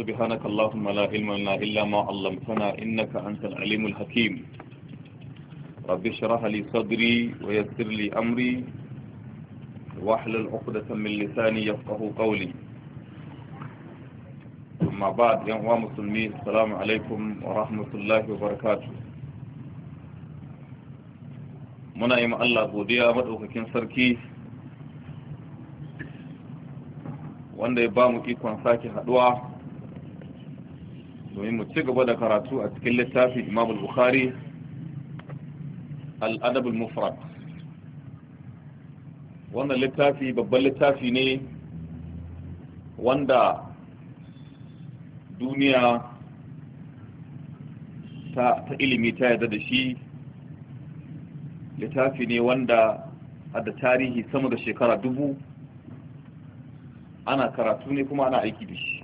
سبحانك اللهم لا علم لنا إلا ما علمتنا إنك أنت العليم الحكيم رب اشرح لي صدري ويسر لي أمري واحلل عقدة من لساني يفقه قولي ثم بعد يا مسلمين السلام عليكم ورحمة الله وبركاته muna yi Allah godiya maɗaukakin sarki wanda ya ba mu ikon sake haɗuwa domin mu ci gaba da karatu a cikin littafin imamul al-bukhari al mufrad wannan littafi babban littafi ne wanda duniya ta, ta ilimi ta yarda da shi littafi ne wanda a da tarihi sama da shekara dubu ana karatu ne kuma ana aiki da shi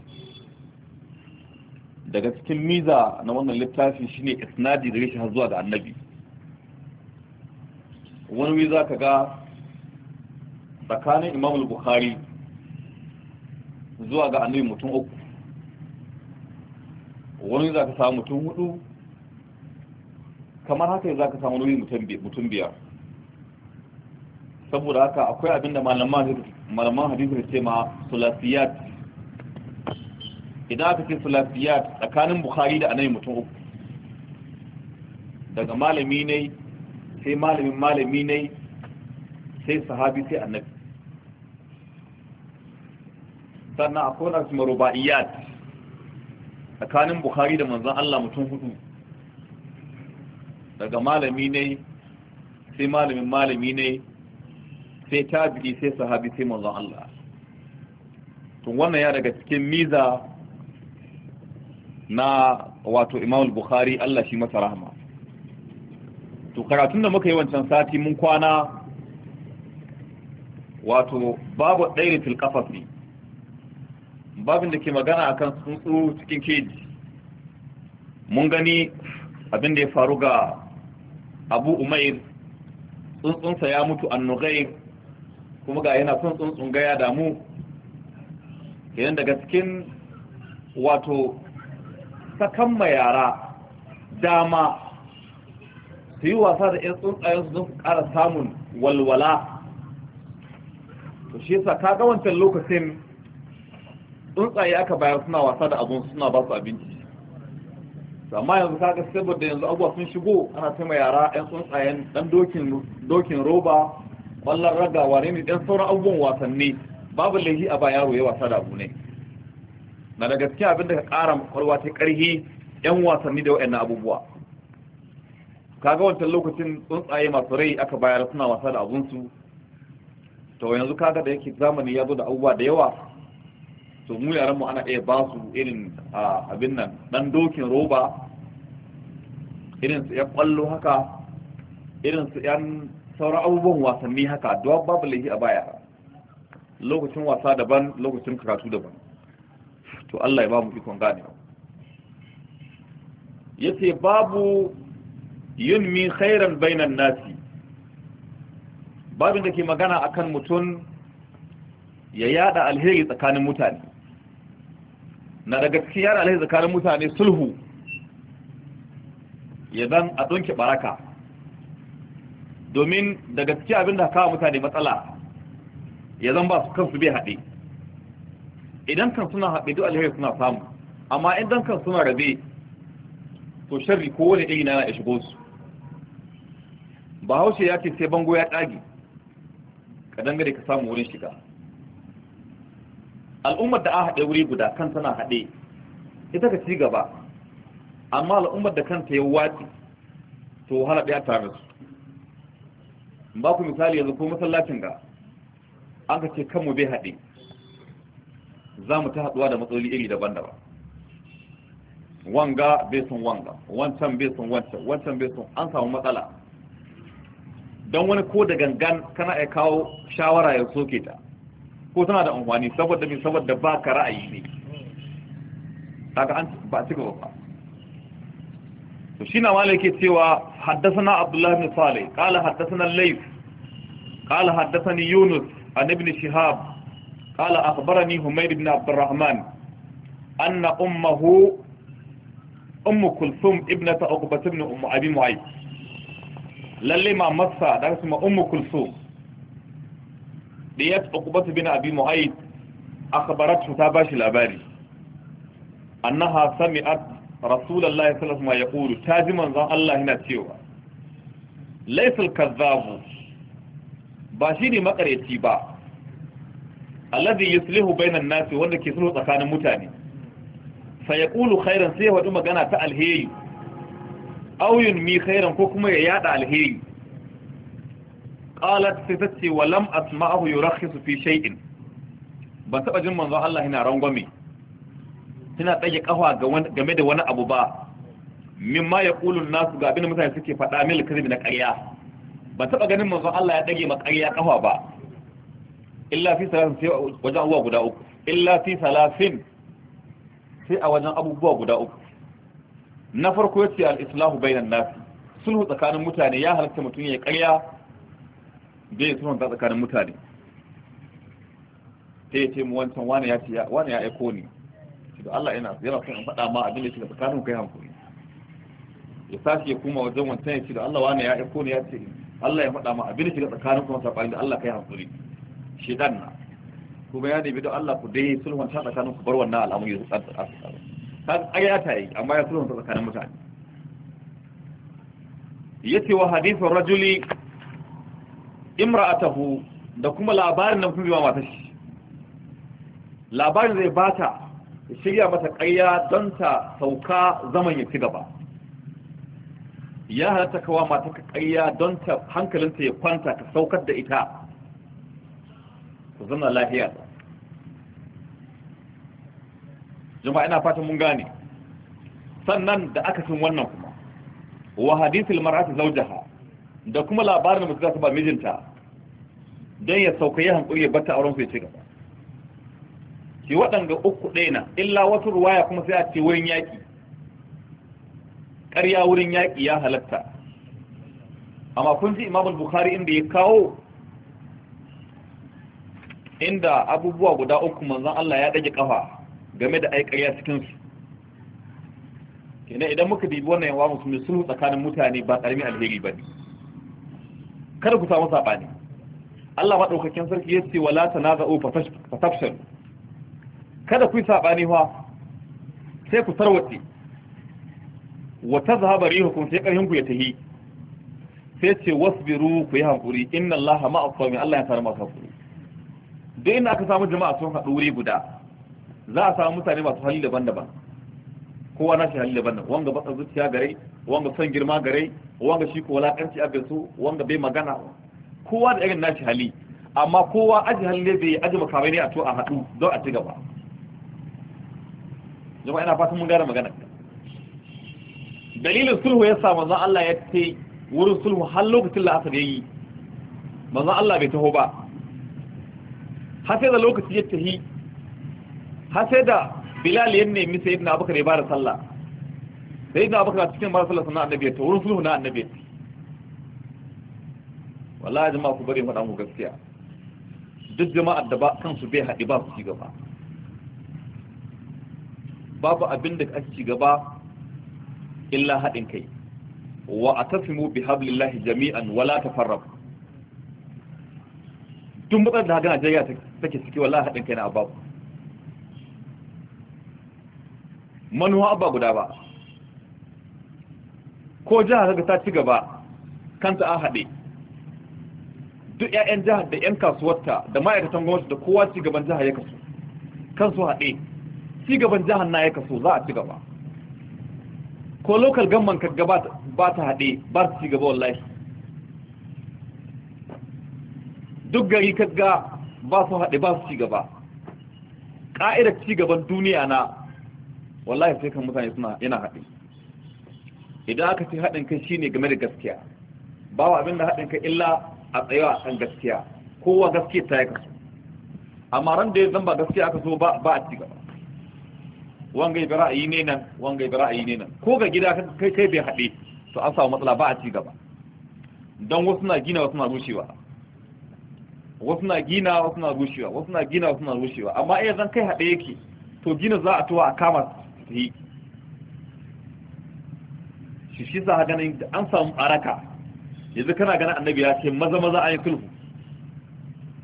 daga cikin miza na wannan littafi shine isnadi da shi har zuwa ga annabi wani za ka ga tsakanin imamul bukhari zuwa ga annabi mutum uku wani za ka samu mutum hudu kamar haka za ka samu wani mutum biyar saboda haka akwai abinda malaman hadisi ce ma sulasiyat idan aka ce salafiyat tsakanin bukhari da annabi mutum uku daga malami ne sai malamin malami ne sai sahabi sai annabi sannan a kona su marubaiyat tsakanin bukhari da manzan Allah mutum hudu daga malami ne sai malamin malami ne sai tabi sai sahabi sai manzan Allah tun wannan ya daga cikin miza na wato imam bukhari Allah shi masa rahama to karatun da muka yi wancan sati mun kwana wato babu tilkafas ne. babin da ke magana akan tsuntsu cikin keji mun gani abin da ya faru ga abu umair tsuntsunsa ya mutu annugai kuma ga yana son tsuntsun gaya damu yayin daga cikin wato sakan ma yara dama su yi wasa da 'yan su don su kara samun walwala to shi yasa ka ga wancan lokacin tsuntsaye aka bayar suna wasa da abun suna ba su abinci amma yanzu kaga saboda yanzu abuwa sun shigo ana taima yara 'yan tsuntsayen dan dokin roba ballar raga wane ne ɗan sauran abubuwan wasanni babu laifi a ba yaro ya wasa da abu ne na daga cikin abin da ka ƙara kwalwa ta ƙarhi yan wasanni da waɗannan abubuwa kaga wancan lokacin tsuntsaye masu rai aka bayar suna wasa da abunsu to yanzu kaga da yake zamani ya zo da abubuwa da yawa to mu yaran mu ana iya ba su irin abin nan dan dokin roba irin su ƴan ƙwallo haka irin su ƴan sauran abubuwan wasanni haka don babu laifi a baya lokacin wasa daban lokacin karatu daban to Allah ya babu ikon ganewa yace babu yunmi khairan bainan nasi babin da ke magana akan mutum ya yada alheri tsakanin mutane na daga cikin yada alheri tsakanin mutane sulhu ya zan a ɗunke baraka domin daga cikin abin da kawo mutane matsala ya zan ba su kansu bai haɗe idan kan suna haɗe duk alheri suna samu amma idan kan suna rabe to sharri ko wani iri na ya shigo su bahaushe ya ce sai bango ya ɗage ka dangare ka samu wurin shiga al'ummar da a haɗe wuri guda kan tana haɗe ita ka ci gaba amma al'ummar da kanta ya watsi to wahala ɗaya tare su ba ku misali yanzu ko masallacin ga an ka ce kanmu bai haɗe za mu ta haɗuwa da matsaloli iri daban-daban wanga bai sun wanga wancan bai sun wancan wancan bai sun an samu matsala don wani ko da gangan kana iya kawo shawara ya soke ta ko tana da amfani saboda mai saboda ba ka ra'ayi ne daga an ba ci gaba ba to shi na malai ke cewa haddasana abdullahi bin salih qala haddasana layth qala haddasani yunus an ibn shihab قال أخبرني همير بن عبد الرحمن أن أمه أم كلثوم ابنة أقبة بن أم أبي معيد للي ما مصى ذلك اسم أم كلثوم ليت أقبة بن أبي معيد أخبرت شتاباش الأباري أنها سمعت رسول الله صلى الله عليه وسلم يقول تازما ذا الله هنا تيوه ليس الكذاب باشيني مقريتي باه alladhi yuslihu bainan nasi wanda ke sulhu tsakanin mutane fa yaqulu khairan sai wadu magana ta alheri aw yunmi khairan ko kuma ya yada alheri qalat sai tace wa lam asma'ahu yurakhisu fi shay'in ban taba jin manzon Allah yana rangwame yana tsage kafa game da wani abu ba mimma yaqulu an-nasu ga abin mutane suke faɗa mil kadhib na ƙarya ban taba ganin manzo Allah ya dage ma ƙarya kafa ba illa fi salasin sai wajen abubuwa guda uku illa fi salasin sai a wajen abubuwa guda uku na farko ya ce al’islahu islahu bainan nas sulhu tsakanin mutane ya halatta mutum ya karya bai sulhu tsakanin mutane sai ya ce mu wancan wani ya ce wani ya aiko ni shi da Allah yana yana son in faɗa ma abin da ke da tsakanin kai hankali ya sashi ya kuma wajen wancan ya ce da Allah wani ya aiko ni ya ce Allah ya faɗa ma abin da ke da tsakanin kuma saɓani da Allah kai hankali shedan kuma ya nemi don Allah ku dai sulhun ta tsakanin ku bar wannan al'amuri su tsaka ta tsaya ta yi amma ya sulhun ta tsakanin mutane ce wa hadithun rajuli imra'atahu da kuma labarin nan kuma mata shi labarin zai bata shirya mata ƙarya don ta sauka zaman ya ci gaba ya halatta kawa mata ƙarya don ta hankalinta ya kwanta ka saukar da ita ku zama lafiya ba jama'a ina fatan mun gane sannan da aka cin wannan kuma wa hadisul mar'ati zawjaha da kuma labarin da zata ba mijinta dan ya sauka ya hankuri ya bata auren su ya ci gaba ki waɗanga uku ɗaya na illa wata ruwaya kuma sai a ce wurin yaƙi ƙarya wurin yaƙi ya halatta amma kun ji imamul bukhari inda ya kawo inda abubuwa guda uku manzon Allah ya dage kafa game da aikariya cikin su kenan idan muka dibi wannan yawa musulmi sulhu tsakanin mutane ba karmi alheri bane kada ku samu sabani Allah madaukakin sarki yace wala tanaza'u fatafshal kada ku yi sabani wa sai ku tarwace wa tazhaba rihukum sai karhin ku ya tahi sai ce wasbiru ku yi hankuri inna Allah ma'a qawmi Allah ya tare masu hakuri da inda aka samu jama'a sun haɗu wuri guda za a samu mutane masu hali daban-daban kowa na shi hali daban-daban wanga batsa zuciya gare wanga son girma gare wanga shi ko walakanci a gasu wanga bai magana kowa da irin nashi hali amma kowa aji hali ne bai aji makamai ne a to a haɗu don a ci gaba jama'a ina fatan mun gane magana dalilin sulhu ya sa manzon Allah ya ce wurin sulhu har lokacin la'asar ya yi manzon Allah bai taho ba har sai da lokaci ya tahi har sai da bilal ya nemi na abubakar ya bada sallah sayyidina abubakar cikin bada sallah sannan annabi ta wurin sulhu na annabi wallahi jama'a ku bari faɗa mu gaskiya duk jama'ar da ba kansu bai haɗi ba su ci gaba babu abin da ake ci gaba illa haɗin kai wa atasimu bi hablillahi jami'an wala tafarraqu duk matsalar da haka Najeriya take kake suke wallahi hadin kai na ababu manuwa abba guda ba ko jihar daga ta ci gaba kanta an haɗe duk 'ya'yan jihar da 'yan kasuwarta da ma'aikatan gwamnati da kowa ci gaban jihar ya kaso su haɗe ci gaban jihar na ya kaso za a ci gaba ko lokal gamman ka gaba ba ta haɗe ba ta ci gaba wallahi duk gari kaga ba su haɗe ba su ci gaba ƙa'idar ci gaban duniya na wallahi sai kan mutane suna yana haɗe idan aka ce haɗin kai shine game da gaskiya ba wa da haɗin kai illa a tsayawa kan gaskiya kowa gaskiya ta yi kasu amma ran da ya zamba gaskiya aka so ba a ci gaba wanga yi ra'ayi ne nan wanga yi ra'ayi ne nan ko ga gida kai kai bai haɗe to an samu matsala ba a ci gaba don wasu na gina wasu na rushewa wasu na gina wasu na rushewa wasu na gina wasu na rushewa amma iya zan kai haɗe yake to gina za a towa a kama su yi shi shi za a ganin da an samu araka yanzu kana ganin annabi ya ce maza maza an yi sulhu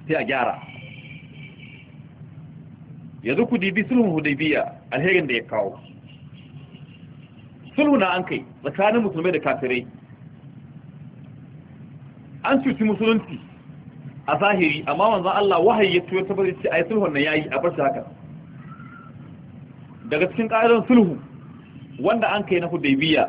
sai a gyara yanzu ku dibi sulhu hudaybiya alherin da ya kawo sulhu na an kai tsakanin musulmai da kafirai an cuci musulunci a zahiri amma wanzan Allah wahayi ya tuyo ta bari ce yi sulhun nan yayi a bar shi haka daga cikin ƙa'idar sulhu wanda an kai na hudaibiya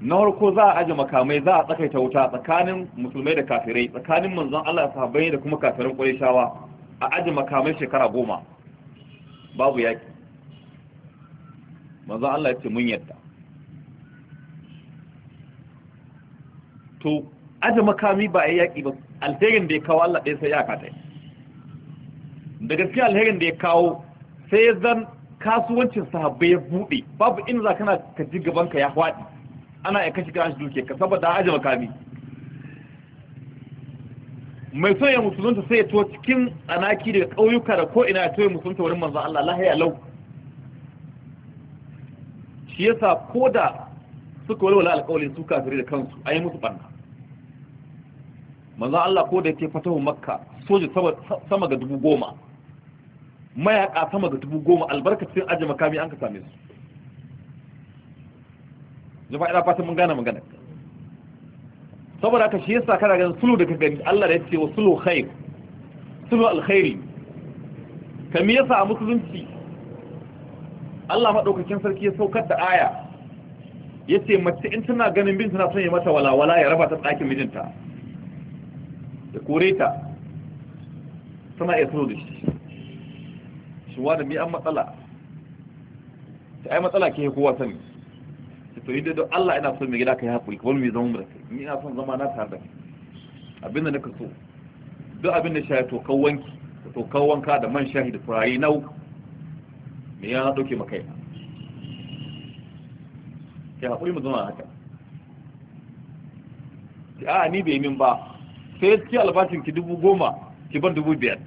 na harko za a aji makamai za a tsakaita wuta tsakanin musulmai da kafirai tsakanin manzon Allah ya sahabbai da kuma kafirin Qurayshawa a aji makamai shekara goma babu yaki manzon Allah ya ce mun yadda to aje makami ba ya yaƙi ba alherin da ya kawo Allah ɗaya sai ya kata da gaskiya alherin da ya kawo sai ya zan kasuwancin sahabbai ya buɗe babu in za kana ka ji gaban ka ya faɗi ana ya kashi kashi duke ka saboda aje makami mai so ya musulunta sai ya to cikin anaki daga ƙauyuka da ko ina ya to ya musulunta wurin manzan Allah lahiya lau shi yasa da suka walwala alƙawalin su kafiri da kansu a yi musu ɓanna manzo Allah ko da yake fatahu makka soja sama ga dubu goma mayaka sama ga dubu goma albarkacin aji makami an ka same su jama'a ina fatan mun gane magana saboda haka shi yasa kana ganin sulu da ka gani Allah da ya ce wa sulu khair sulu alkhairi kamar yasa a musulunci Allah madaukakin sarki ya saukar da aya yace mace in tana ganin bin tana son ya mata walawala ya raba ta tsakin mijinta da kore ta tana iya tuno da shi shi wani mi an matsala ta ai matsala ke kowa sani ta to don Allah ina son mai gida ka yi haƙuri kawai mai zama da kai ni ina son zama na tare da kai abinda na naka so duk abin da shahi to kawanki to kawanka da man shahi da furayi nau me yana na ɗauke maka yana ya haƙuri mu zama haka a ni bai min ba sai ki albashin ki dubu goma ki ban dubu biyar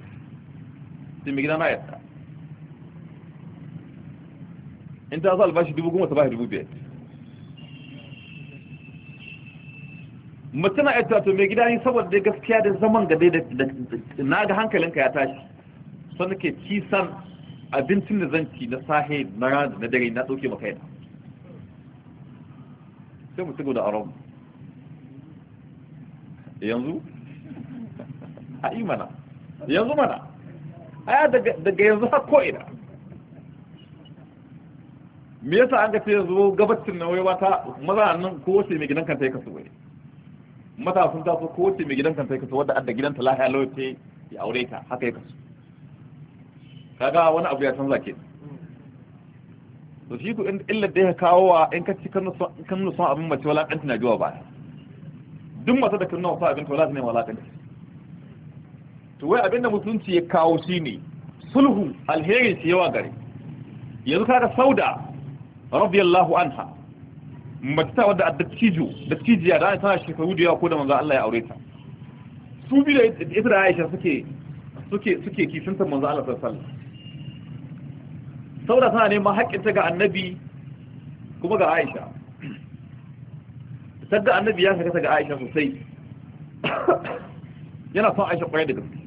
sai mai gida na yadda in ta sa albashi dubu goma ta bashi dubu biyar mace na yadda to mai gida yi saboda gaskiya da zaman ga da na ga hankalinka ya tashi son ke ci san abincin da zan ci na sahe na rana na dare na ɗauke maka yana sai mu ci da aron yanzu a mana yanzu mana aya daga yanzu har ko'ina me yasa an ce yanzu gabacin na waiwa ta maza nan ko wace mai gidan kanta ya kasu wai mata sun taso ko wace mai gidan kanta ya kasu wadda adda gidanta lahiya lauce ya aure ta haka ya kasu kaga wani abu ya canza ke to shi ku illa da ya kawo wa in ka ci kan nusan abin mace wala kanti na jiwa baya duk mata da kan nusan abin to wala ne wala kanti to wai abinda mutunci ya kawo shi ne. sulhu alheri ce yawa gare yanzu kaga sauda radiyallahu anha mace ta wadda dattijo dattijiya da tana shekaru da yawa ko da manzo Allah ya aure ta su da ita da Aisha suke suke suke kisantar manzo Allah sallallahu sauda tana neman haƙƙinta ga annabi kuma ga Aisha ta ga annabi ya saka ta ga Aisha sosai yana son Aisha kwarai da gaske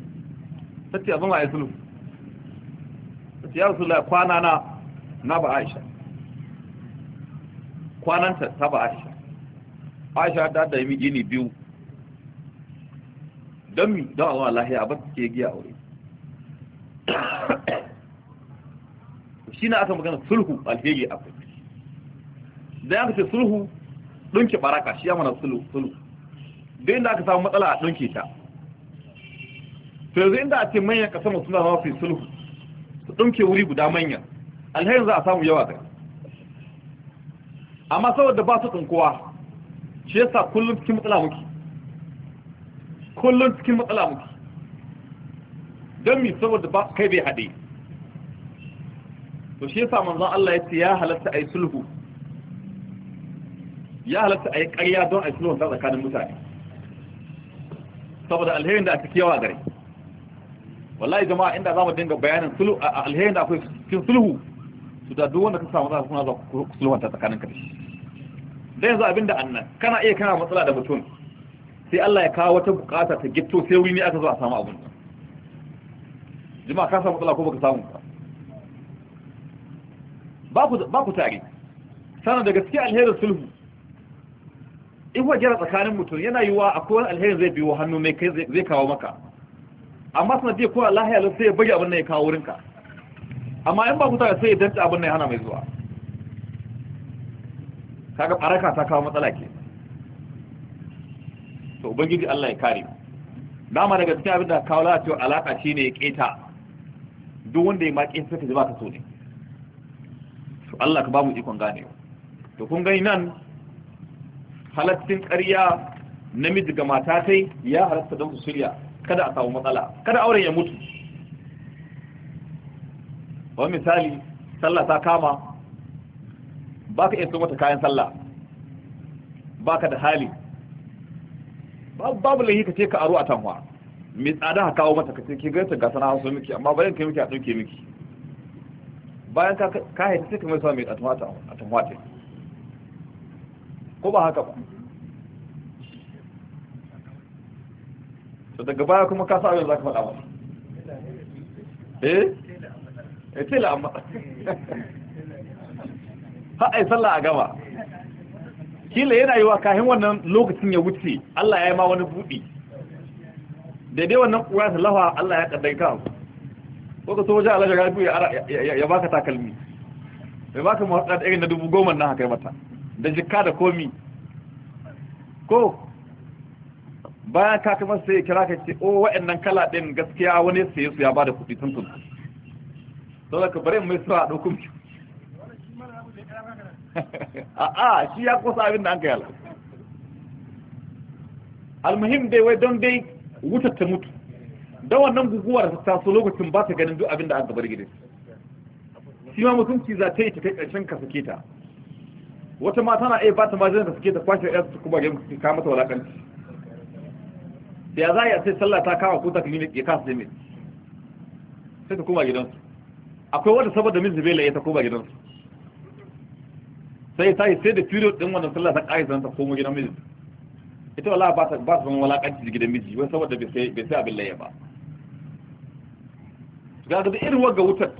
Sati ce abin wa ya sulhu ta ya rasu kwana na na ba aisha kwananta ta ba aisha aisha ta da yi gini biyu don mi don awon lahiya ba ta ke giya aure shi na aka magana sulhu alheri akwai da yanka ce sulhu dunke baraka shi ya mana sulhu duk da aka samu matsala a ɗunke ta to yanzu inda a ce manyan kasar masu suna zama su sulhu su ɗumke wuri guda manyan alherin za a samu yawa da amma saboda ba su ɗinkowa shi yasa kullum cikin matsala muke kullum cikin matsala muke don mi saboda ba kai bai haɗe to shi yasa manzon Allah ya ce ya halatta a yi sulhu ya halatta a yi ƙarya don a yi sulhu tsakanin mutane saboda alherin da aka yawa gare wallahi jama'a inda za mu dinga bayanin sulu alheri da akwai cikin sulhu su da duk wanda ka samu za kuma za ku ta tsakanin ka dai yanzu abinda annan kana iya kana matsala da mutum sai Allah ya kawo wata bukata ta gitto sai wuri ne aka zo a samu abun jama'a ka samu matsala ko baka samu ba ku ba ku tare sanan da gaskiya alherin sulhu in wajera tsakanin mutum yana yiwa akwai alherin zai biyo hannu mai kai zai kawo maka amma suna biya kowa Allah ya sai ya abin nan ya kawo wurinka amma in ba ku tare sai ya danta abin nan ya hana mai zuwa kaga baraka ta kawo matsala ke to ubangiji Allah ya kare ma daga cikin abin da kawo lalacewa alaka shine ya keta duk wanda ya ma sai ka ji ba ka so ne to Allah ka ba mu ikon ganewa to kun gani nan halaccin ƙarya namiji ga mata sai ya halatta don su shirya kada a samu matsala kada auren ya mutu Ba misali sallah ta kama ba ka iya mata kayan sallah ba ka da hali babu lahi ka ce ka aro a tanwa mai tsada ka kawo mata ka ce ki gaita gasa na hasu miki amma bayan ka miki a tsoke miki bayan ka haifi sai ka mai sa mai a tanwa ko ba haka ba to daga baya kuma ka sa abin za ka faɗa ba. eh eh tela amma har ai sallah a gaba kila yana yi wa kahin wannan lokacin ya wuce Allah ya yi ma wani buɗi daidai wannan ƙura ta lafa Allah ya ƙaddai ka ko ka so wajen Allah ya ya baka takalmi Ya baka mawaɗa irin na dubu goma na haka mata da jikka da komi ko bayan ka kamar sai kira ka ce o oh, wa'annan kala din gaskiya wani sai su ya bada kuɗi tun tun to da ka bare mai sura dokum a a shi ya kusa abin da an kai Allah almuhim dai wai don dai wuta ta mutu don wannan guguwar ta taso lokacin ba ta ganin duk abin da an gabar gidan shi ma mutunci za ta yi ta kai ƙarshen ka sake ta wata mata na iya ba ta majalisar ta sake ta kwashe ƴar ta kuma ga mata walakanci ya za a sai sallah ta kama ko takalmi ya kasa zai sai ta koma gidansu akwai wanda saboda min zubela ya ta koma gidansu sai ta yi sai da period din wannan sallah ta kai zanta ta koma gidan miji ita wallahi ba ta ba ta zama walakanci da gidan miji wai saboda bai sai bai sai abin laye ba ga ga irin ga wutar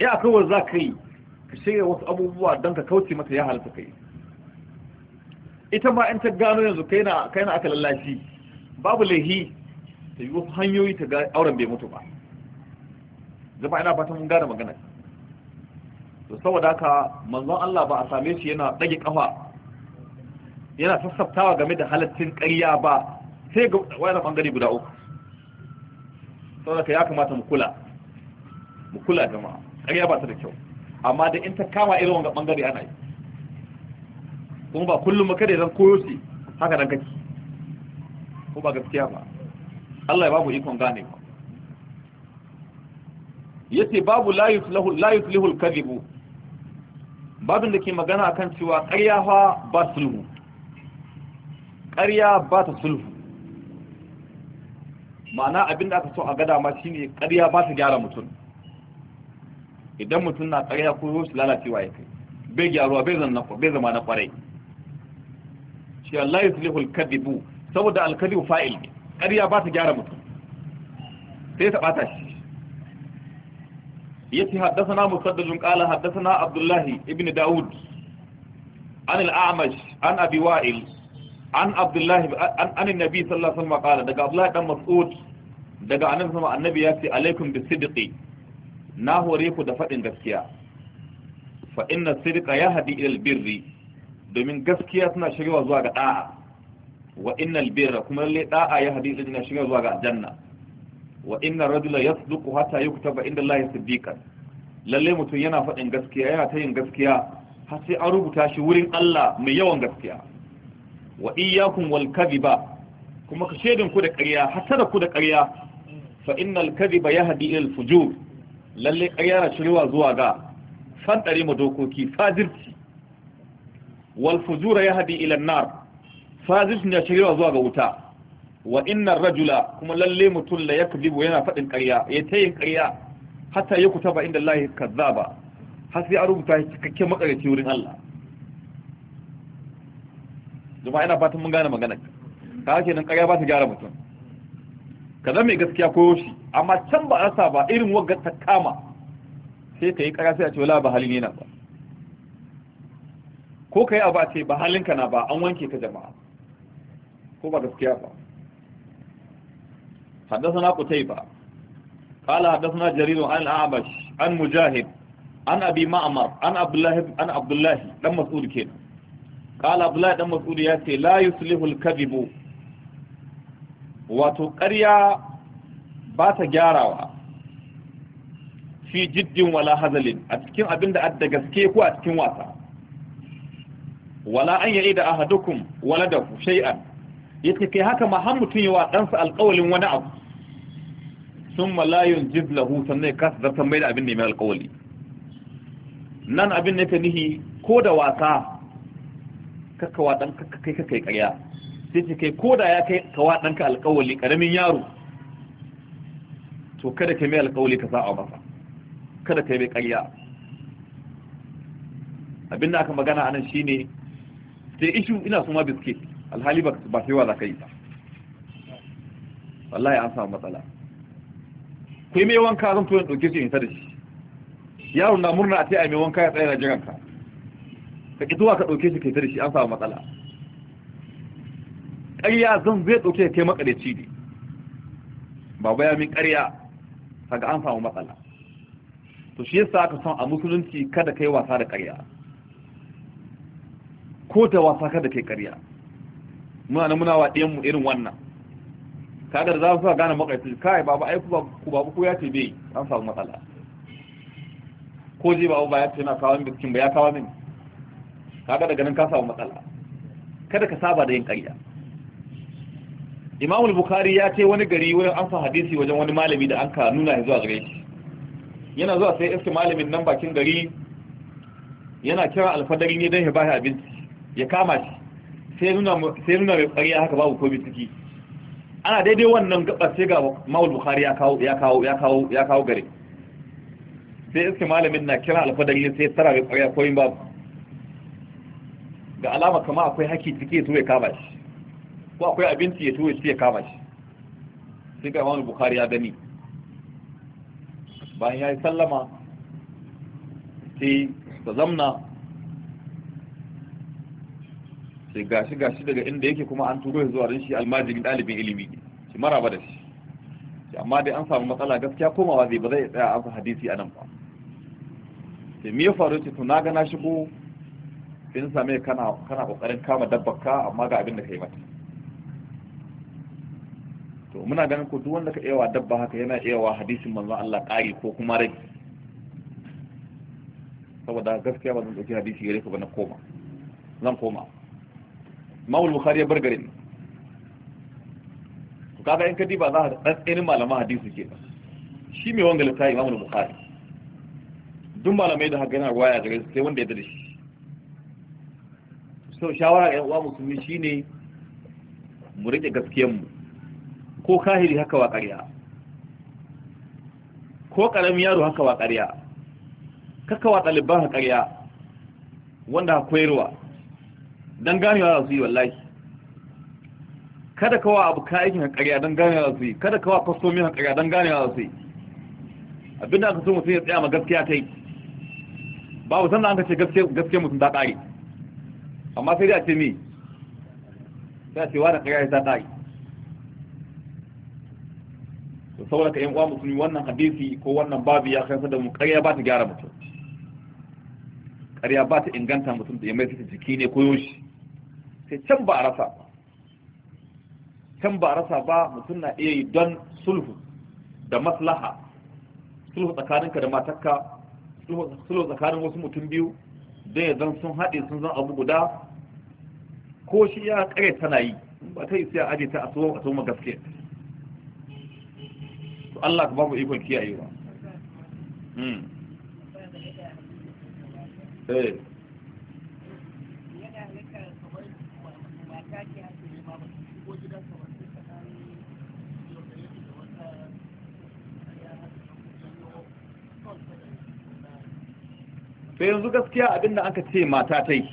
ya akwai wanda za ka yi ka shirya wasu abubuwa don ka kauce mata ya halatta kai ita ma in ta gano yanzu kai na kai na aka lallashi babu laihi ta yi wasu hanyoyi ta ga auren bai mutu ba zama ina fatan mun gane magana to saboda haka manzon Allah ba a same shi yana dage kafa yana sassaftawa game da halaccin ƙarya ba sai ga wani bangare guda uku saboda ka ya kamata mu kula mu kula jama'a ƙarya ba ta da kyau amma da in ta kama irin wanga bangare ana yi kuma ba kullum kada zan koyo shi haka nan kake ko ba gaskiya ba Allah ya babu ikon gane ba yace babu la yuflahu la yuflihu al-kadhibu babin da ke magana akan cewa ƙarya fa ba sulhu ƙarya ba ta sulhu ma'ana abinda aka so a gada ma shine ƙarya ba ta gyara mutum idan mutum na ƙarya ko yoshi lalacewa ya kai bai gyaruwa bai zama na kwarai shi Allah yuflihu al-kadhibu saboda alkalibu fa'il ne ƙarya ba ta gyara mutum sai ta ɓata shi yace haddathana musaddad qala haddathana Abdullahi ibn daud an al-a'mash an abi wa'il an abdullah an annabi sallallahu alaihi wasallam daga Abdullahi Ɗan mas'ud daga annabi sama annabi ya yace alaikum bisidqi na hore ku da faɗin gaskiya fa inna sidqa yahdi ila al-birri domin gaskiya suna shigewa zuwa ga ɗa'a. wa innal birra kuma lalle da'a ya hadisi na shiga zuwa ga aljanna wa inna rajula yasduqu hatta yuktaba inda Allah siddiqan lalle mutum yana faɗin gaskiya yana ta yin gaskiya har sai an rubuta shi wurin Allah mai yawan gaskiya wa iyyakum wal kadhiba kuma ka shedin ku da ƙarya hatta da ku da ƙarya fa innal kadhiba yahdi ila fujur lalle ƙarya na shirwa zuwa ga fadare mu dokoki fajirci wal fujura yahdi ila nar fazifin ya cewa zuwa ga wuta wa innar rajula kuma lalle mutum la yakzibu yana fadin ƙarya ya yin ƙarya hatta ya ba inda Allah kazzaba har sai a rubuta shi cikakken makarici wurin Allah jama'a ina fatan mun gane magana ka nan ƙarya ba ta gyara mutum ka zama mai gaskiya ko shi amma can ba a rasa ba irin wagga ta kama sai ka yi ƙarya sai a ce wala ba halin yana ba ko ka yi abace a ba halinka na ba an wanke ka jama'a ko ba gaskiya ba حدثنا قتيبة قال حدثنا جرير عن الأعمش an mujahid an أبي mamar an عبد الله عن عبد الله دم مسعود كده قال عبد ya ce la ياتي لا يصلح الكذب wato ƙarya ba ta gyarawa fi jiddin wala hazalin a cikin abin da adda gaske ko a cikin wasa wala an yi da ahadukum wala da shay'an Yake kai haka ma har mutum yawa dan alƙawalin wani abu thumma la yunjib lahu sannan kasa zartan mai da abin ne mai alƙawali nan abin ne ka nihi ko da wasa kakka wa dan kakka kai kai ƙarya sai ce kai ko da ya kai ka wa danka alƙawali ƙaramin yaro to kada kai mai alƙawali ka sa'a masa kada kai mai ƙarya abin da aka magana anan shine sai ishu ina suma biskit alhali ba sai wa za ka yi ba wallahi an samu matsala kai mai wanka zan tuwon ɗauke shi in ta da shi Yaron na murna a ce a mai wanka ya tsaye na jiran ka ka ki zuwa ka ɗauke shi kai ta da shi an samu matsala ƙarya zan zai ɗauke kai makareci ne baba ya min ƙarya kaga an samu matsala to shi yasa aka san a musulunci kada kai wasa da ƙarya ko da wasa kada kai ƙarya muna nan muna wa mu irin wannan kaga da za su gane makaici kai babu ai ku babu babu ko ya ce bai an samu matsala ko ji babu ba ya ce na kawo min biskin ba ya kawo min kaga daga nan ka samu matsala kada ka saba da yin ƙarya Imam al-Bukhari ya ce wani gari wurin an san hadisi wajen wani malami da an ka nuna ya zuwa gare shi yana zuwa sai iska malamin nan bakin gari yana kira alfadari ne don ya bashi abinci ya kama shi sai nuna mai ƙarya haka babu komi ciki ana daidai wannan gabar sai ga mawul bukhari ya kawo ya kawo ya kawo ya kawo gare sai iske malamin na kira alfadari sai tsara mai ƙarya koyin babu ga alama kama akwai haki ciki ya tuwe kama shi ko akwai abinci ya tuwe ya kama shi sai ga mawul bukhari ya gani bayan ya yi sallama sai ta zamna sai gashi gashi daga inda yake kuma an turo shi zuwa ran shi almajirin dalibin ilimi ne shi maraba da shi amma dai an samu matsala gaskiya komawa zai ba zai tsaya an hadisi a nan ba sai me ya faru ce to na ga na shigo sai na same kana kana kokarin kama dabbarka amma ga abin da kai mata to muna ganin ko duk wanda ka ewa dabba haka yana ewa hadisin manzo Allah ƙari ko kuma rage saboda gaskiya ba zan ɗauki hadisi gare ka ba na koma zan koma mawul bukhari ya bar garin to kaga in ka ba za ka dan tsayin malama hadisi ke shi mai wanga littafi imamul bukhari duk malamai da haka yana waya gare sai wanda ya dade shi so shawara ga yan uwa musulmi shine mu rike gaskiyar mu ko kahiri haka wa ƙarya ko ƙaramin yaro haka wa ƙarya kakawa ɗaliban ƙarya wanda koyarwa don ganewa za su yi wallahi kada kawa abu kayakin hankariya don ganewa za su yi kada kawa kwastomin hankariya don ganewa za su yi abinda aka so mutum ya tsaya ma gaskiya ta yi babu sannan an ka ce gaskiya mutum ta ƙari amma sai da ce mi sai ce wa da ƙariya ta ƙari to saboda ka yi uwa musulmi wannan hadisi ko wannan babu ya kansa da mu ƙarya ba ta gyara mutum ƙarya ba ta inganta mutum da ya mai jiki ne ko yoshi sai can ba a rasa ba can ba a rasa ba mutum na iya yi don sulhu da maslaha sulhu tsakaninka da matakka sulhu tsakanin wasu mutum biyu don ya zan sun haɗe sun zan abu guda ko shi ya ƙare tana yi ba ta yi sai a aje ta a tsohon a tsohon gaske to Allah ka babu ikon kiyayewa hmm. eh sai yanzu gaskiya abinda aka ce mata ta yi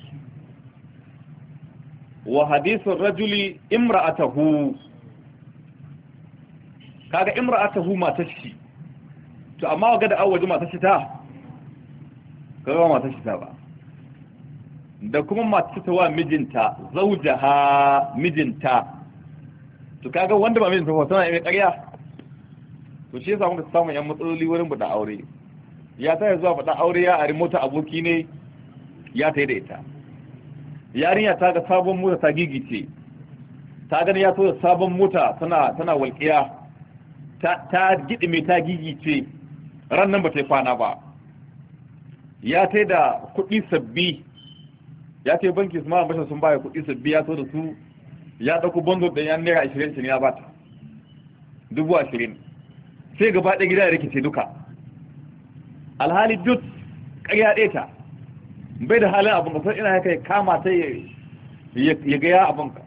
wa hadisun rajuli tahu kaga imra a matar shi to amma ga da awaji matar shi ta kaga matar shi ta ba da kuma matar ta wa mijinta ha mijinta to kaga wanda ba mijinta ba tana mai karya to shi yasa muka samun yan matsaloli wurin buɗa aure ya ta zuwa faɗa aure ya ari mota aboki ne ya ta yi da ita yarinya ta ga sabon mota ta gigice ta gani ya so da sabon mota tana tana walƙiya ta ta gidime ta gigice ran nan ba ta kwana ba ya ta da kuɗi sabbi ya ta banki su ma bashin sun baya kuɗi sabbi ya so da su ya ɗauko bando da yan naira ashirin ya bata dubu ashirin sai gaba ɗaya gida ya rikice duka alhali duk ƙarya ɗaya ta bai da halin abin kasar ina haka ya kama ta ya gaya abin ka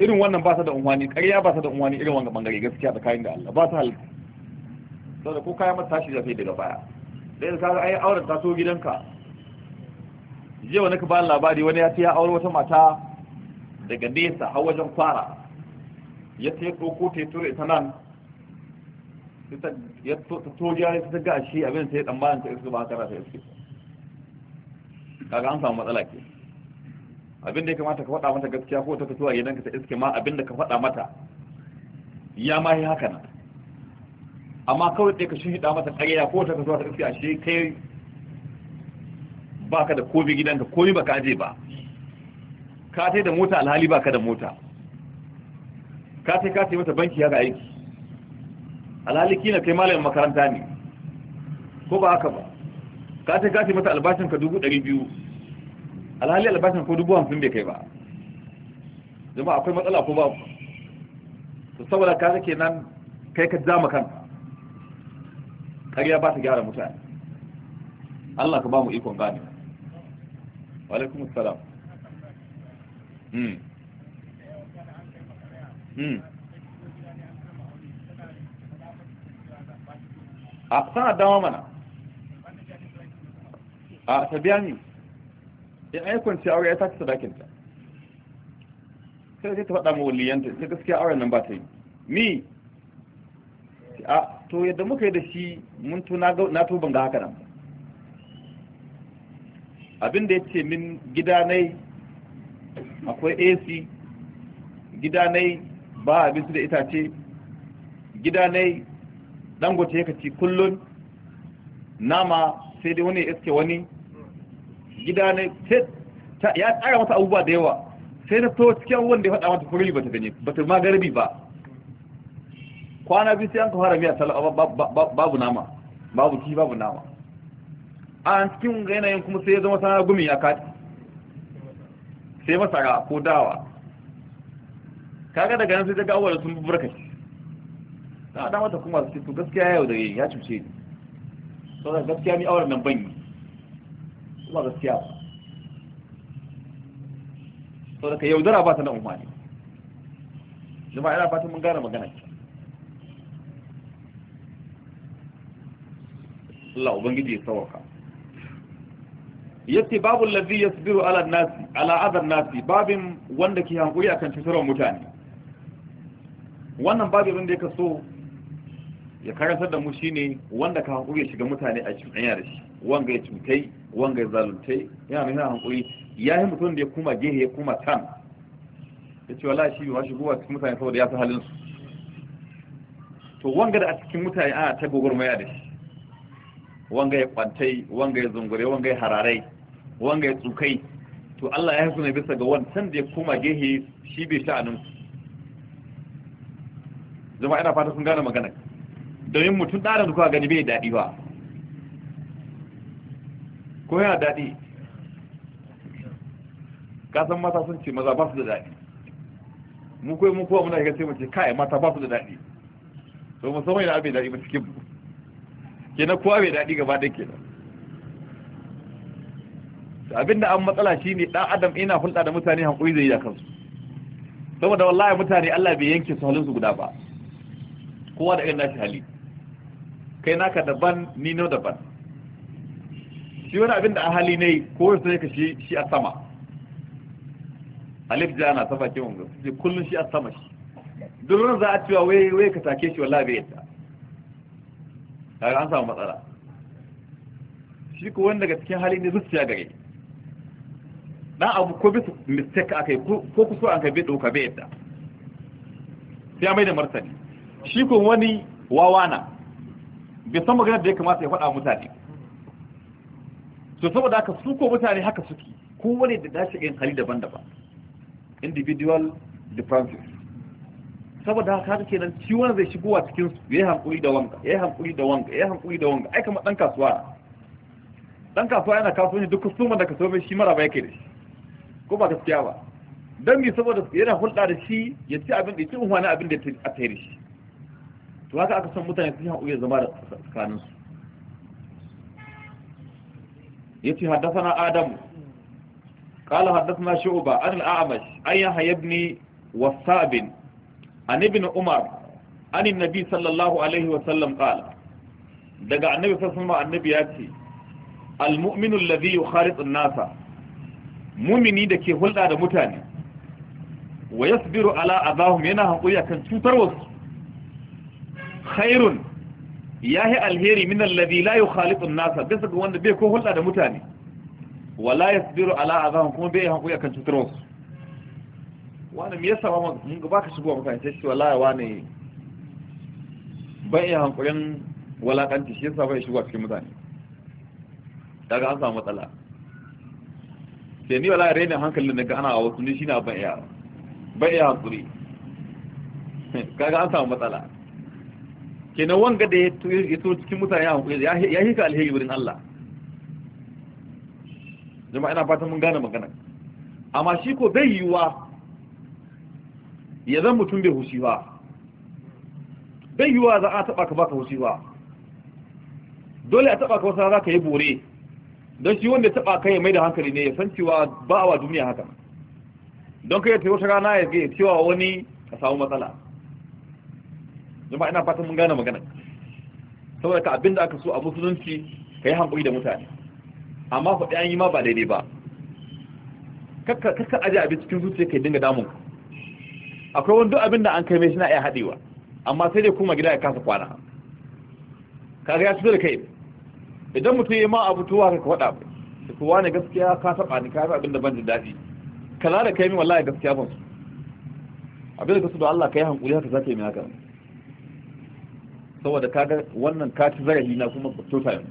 irin wannan ba sa da unwani ƙarya ba sa da unwani irin wanga bangare gaskiya da kayan da Allah ba sa halitta da ko kaya mata tashi zafi daga baya da yadda kaga yi auren ta so gidanka je wani ka ba labari wani ya ce ya aure wata mata daga nesa har wajen fara ya ce ko ko ta tura ita nan ta togiya ya ta ga ashe abin sai dan bayan ta iska ba kara ta iske kaga an samu matsala ke abin da ya kamata ka faɗa mata gaskiya ko ta fito a gidanka ta iske ma abin da ka faɗa mata ya ma yi haka nan amma kawai ɗaya ka shihida mata ƙarya ko ta fito ta iske ashe kai baka da komi gidanka komi baka aje ba ka tai da mota alhali baka da mota ka tai ka tai mata banki ya ga aiki alhaliki na kai malamin makaranta ne ko ba haka ba ka ta gashi mata albashin ka dubu ɗari biyu alhali albashin ko dubu hamsin bai kai ba zama akwai matsala ko ba ku saboda ka zake nan kai ka zama kan kariya ba ta gyara mutane Allah ka ba mu ikon gane wa alaikum assalam mm mm a sana dama mana a ta biya ni in yi aure ya tafi sadakinta sai ta faɗa ma waliyanta ta gaskiya auren nan ba ta yi mi a to yadda muka yi da shi mun to na to ban ga haka nan abin da ya ce min gida akwai ac gida nai ba abinci da itace gida nai dangote ka ci kullun nama sai dai wani iske wani gida ne ya tsara mata abubuwa da yawa sai na to cikin wanda ya faɗa mata furi ba ta gani ba ta ma garbi ba kwana biyu sai an ka fara miya talaba babu nama babu ki babu nama a cikin yanayin kuma sai ya zama sana gumi ya kati sai masara ko dawa kaga daga nan sai daga awwal sun burkashi na da wata kuma su to gaskiya yau da ya cuce ni da gaskiya ni auren nan ban yi kuma gaskiya ba saboda ka yaudara ba ta na umarni jama'a ina fatan mun gane magana ki Allah ubangiji ya sauka yace babu ladhi yasbiru ala nasi ala adan nasi babin wanda ke hankuri akan cutarwar mutane wannan babin da yake so ya karantar da mu shine wanda ka hankuri ya shiga mutane a cikin anya da shi wanga ya cutai wanga ya zaluntai yana nuna hankuri ya yi mutum da ya kuma gehe ya kuma tan ya ce wala shi ba shigowa cikin mutane saboda ya fi halin su to wanga da a cikin mutane ana ta gwagwarmaya da shi wanga ya kwantai wanga ya zungure wanga ya hararai wanga ya tsukai to Allah ya hasu bisa ga wancan da ya kuma gehe shi bai sha'anin su zama ina fata sun gane magana domin mutum ɗarin kuka gani bai daɗi ba ko yana daɗi kasan mata sun ce maza ba su da daɗi mu kai mu kowa muna shiga mace mu ce kai mata ba su da daɗi to mu samu yana abin daɗi ba cikin ke na kowa bai daɗi gaba da kenan abin da an matsala shi ne ɗan adam ina hulɗa da mutane hankuri zai yi da kansu saboda wallahi mutane Allah bai yanke su halin su guda ba kowa da irin nashi hali kai naka daban ni no daban shi wani abin da a hali ne ko ne ka shi shi a sama alif ja na safa ke wanga sai kullum shi a sama shi duk ran za a cewa wai wai ka take shi wallahi bai yadda kaga an samu matsala shi ko wanda daga cikin hali ne zuciya gare dan abu ko bisa mistake yi, ko so an kai bai dauka bai yadda sai mai da martani shi ko wani wawana bai san magana da ya kamata ya faɗa mutane to saboda haka su ko mutane haka suke kowane da dace yin hali daban-daban individual differences saboda haka haka kenan ciwon zai shigo a cikin su yayi hankuri da wanka yayi hankuri da wanka yayi hankuri da wanka ai kamar dan kasuwa dan kasuwa yana kasuwanci duk kustoman da ka so mai shi mara ba yake da shi ko ba gaskiya ba dan mi saboda yana hulɗa da shi ya ci abin da ya ci na abin da ya da shi to haka aka san mutane sun haƙuri zama da tsakanin su yace haddathana adam qala haddathana shu'ba an al-a'mash ay yahya ibn wasab an na umar an an-nabi sallallahu alaihi wa sallam qala daga annabi sallallahu alaihi wa sallam annabi yace al-mu'minu alladhi yukhalitu an-nasa mumini da ke hulɗa da mutane wa yasbiru ala adahum yana haƙuri akan cutar wasu khairun yahi alheri min alladhi la yukhaliqu an-nasa bisa ga wanda bai ko hulɗa da mutane wala yasbiru ala azam kuma bai hanku ya kanta tros wani me yasa ba mun ga baka shigo mutane sai shi wallahi wani bai hankurin kanta shi yasa bai shigo cikin mutane daga an samu matsala sai ni wallahi rene hankalin daga ana a wasu ni shine ban iya ban iya hankuri kaga an samu matsala kenan wanga da ya to cikin mutane a ya hika alheri wurin Allah jama'a ina fatan mun gane magana amma shi ko bai wa ya zan mutum bai hushi ba bai wa za a taba ka baka hushi ba dole a taba ka wasa za ka yi bore don shi wanda taba ka ya mai da hankali ne ya san cewa ba a wa duniya haka don ka yi ta wata rana ya cewa wani ka samu matsala jama'a ina fatan mun gane magana saboda ka abinda aka so a musulunci ka yi hankali da mutane amma faɗi an yi ma ba daidai ba kakka aji abin cikin zuciya kai dinga damun akwai wani duk abin da an kai mai suna iya haɗewa amma sai dai kuma gida ya kasa kwana ga ya fito da kai idan mutum ya ma abu to ka faɗa ba ko wani gaskiya ka saba ni ka yi abin da ban jin daɗi kaza da kai min wallahi gaskiya ban su abin da ka su da Allah yi hankali haka ka yi min haka saboda ga wannan ka ci zarafi na kuma tota yanzu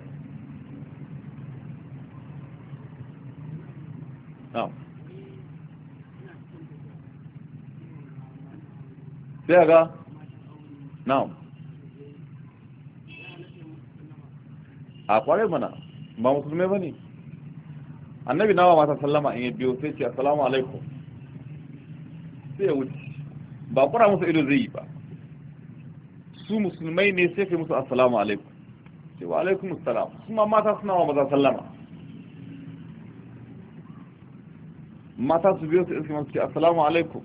sai ga na a kwarai mana ba musulmai ba ne annabi nawa mata sallama in ya biyo sai ce assalamu alaikum sai ya wuce ba kura musu ido zai yi ba su musulmai ne sai kai musu assalamu alaikum sai wa alaikum assalam kuma mata suna wa maza sallama mata su biyo su iska masu ce assalamu alaikum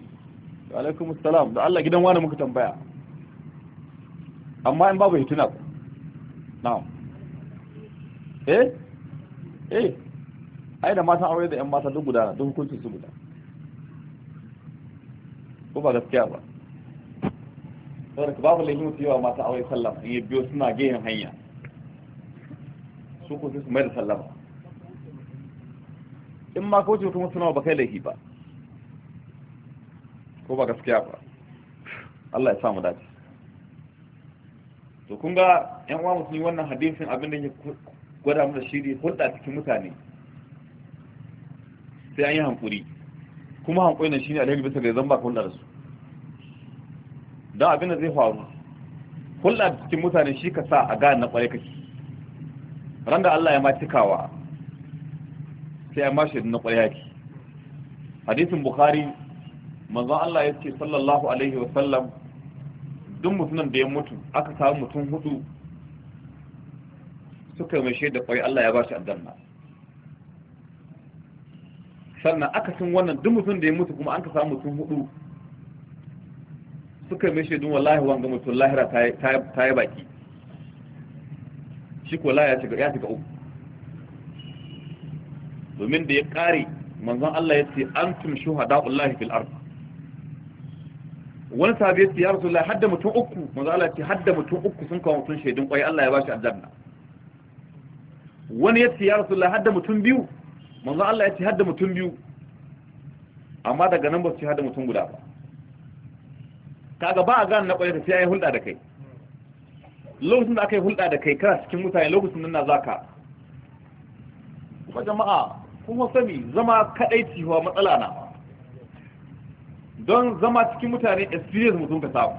wa alaikum assalam da Allah gidan wani muka tambaya amma in babu hituna ku na'am eh eh ai da matan aure da yan mata duk gudana duk hukuncin su guda ko ba gaskiya ba saboda ka babu lahin mutu yawa mata aure sallah in yi biyo suna gehen hanya su kusa su mai da sallama in ma kauce kuma suna ba kai laifi ba ko ba gaskiya ba Allah ya sa mu dace to kun ga yan uwa musulmi wannan hadisin abin da ya gwada mu da shiri hulɗa cikin mutane sai an yi hankuri kuma hankuri ne shine alheri bisa ga zan ba hulɗa da su don abin da zai faru hulɗa cikin mutane shi ka sa a gane na ƙwarai kake ran da Allah ya ma cikawa sai ya mashi na ƙwarai yake hadisin bukhari manzon Allah ya ce sallallahu alaihi wa sallam duk mutumin da ya mutu aka samu mutum hudu suka yi mai shaida ƙwarai Allah ya ba shi aljanna sannan aka sun wannan duk mutum da ya mutu kuma an ka samu mutum hudu suka mai shaidun wallahi wanga mutum lahira ta yi baki shi ko ya shiga ya shiga uku domin da ya kare manzon Allah ya ce an antum shuhada'ullahi fil ard wani sahabi ya ce ya rasulullahi hadda mutum uku manzon Allah ce hadda mutum uku sun kawo mutum shaidun kwai Allah ya bashi aljanna wani ya ce ya rasulullahi hadda mutum biyu manzon Allah ya ce hadda mutum biyu amma daga nan ba su ce hadda mutum guda ba kaga ba a gane na da sai ya yi hulɗa da kai lokacin da aka yi hulɗa da kai kana cikin mutane lokacin nan na zaka kuma jama'a kuma sani zama kaɗai ciwa matsala na don zama cikin mutane experience mutum ka samu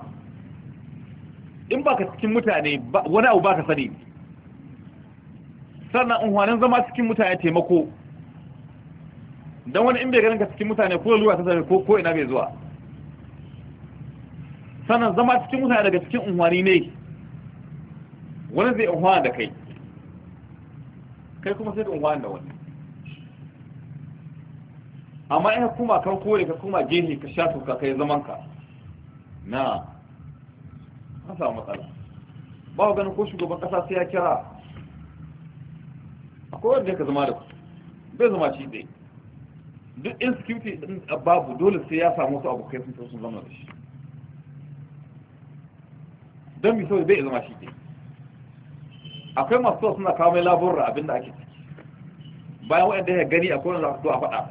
in baka cikin mutane wani abu baka sani sannan unhwanin zama cikin mutane taimako don wani in bai ganin ka cikin mutane ko lura ta sami ko ina bai zuwa sannan zama cikin mutane daga cikin unhwani ne wani zai unhwana da kai kai kuma sai da unhwana da wani amma ina kuma kan kore ka kuma gehe ka sha ka kai zaman ka na an samu matsala ba wa ganin ko shugaban kasa sai ya kira akwai wanda ka zama da ku bai zama shi dai duk insecurity babu dole sai ya samu wasu abokai sun sun zama da shi don mito saboda bai zama shi ke akwai masu suna kawo mai laburra abinda ake ciki bayan waɗanda ya gani akwai wanda za a faɗa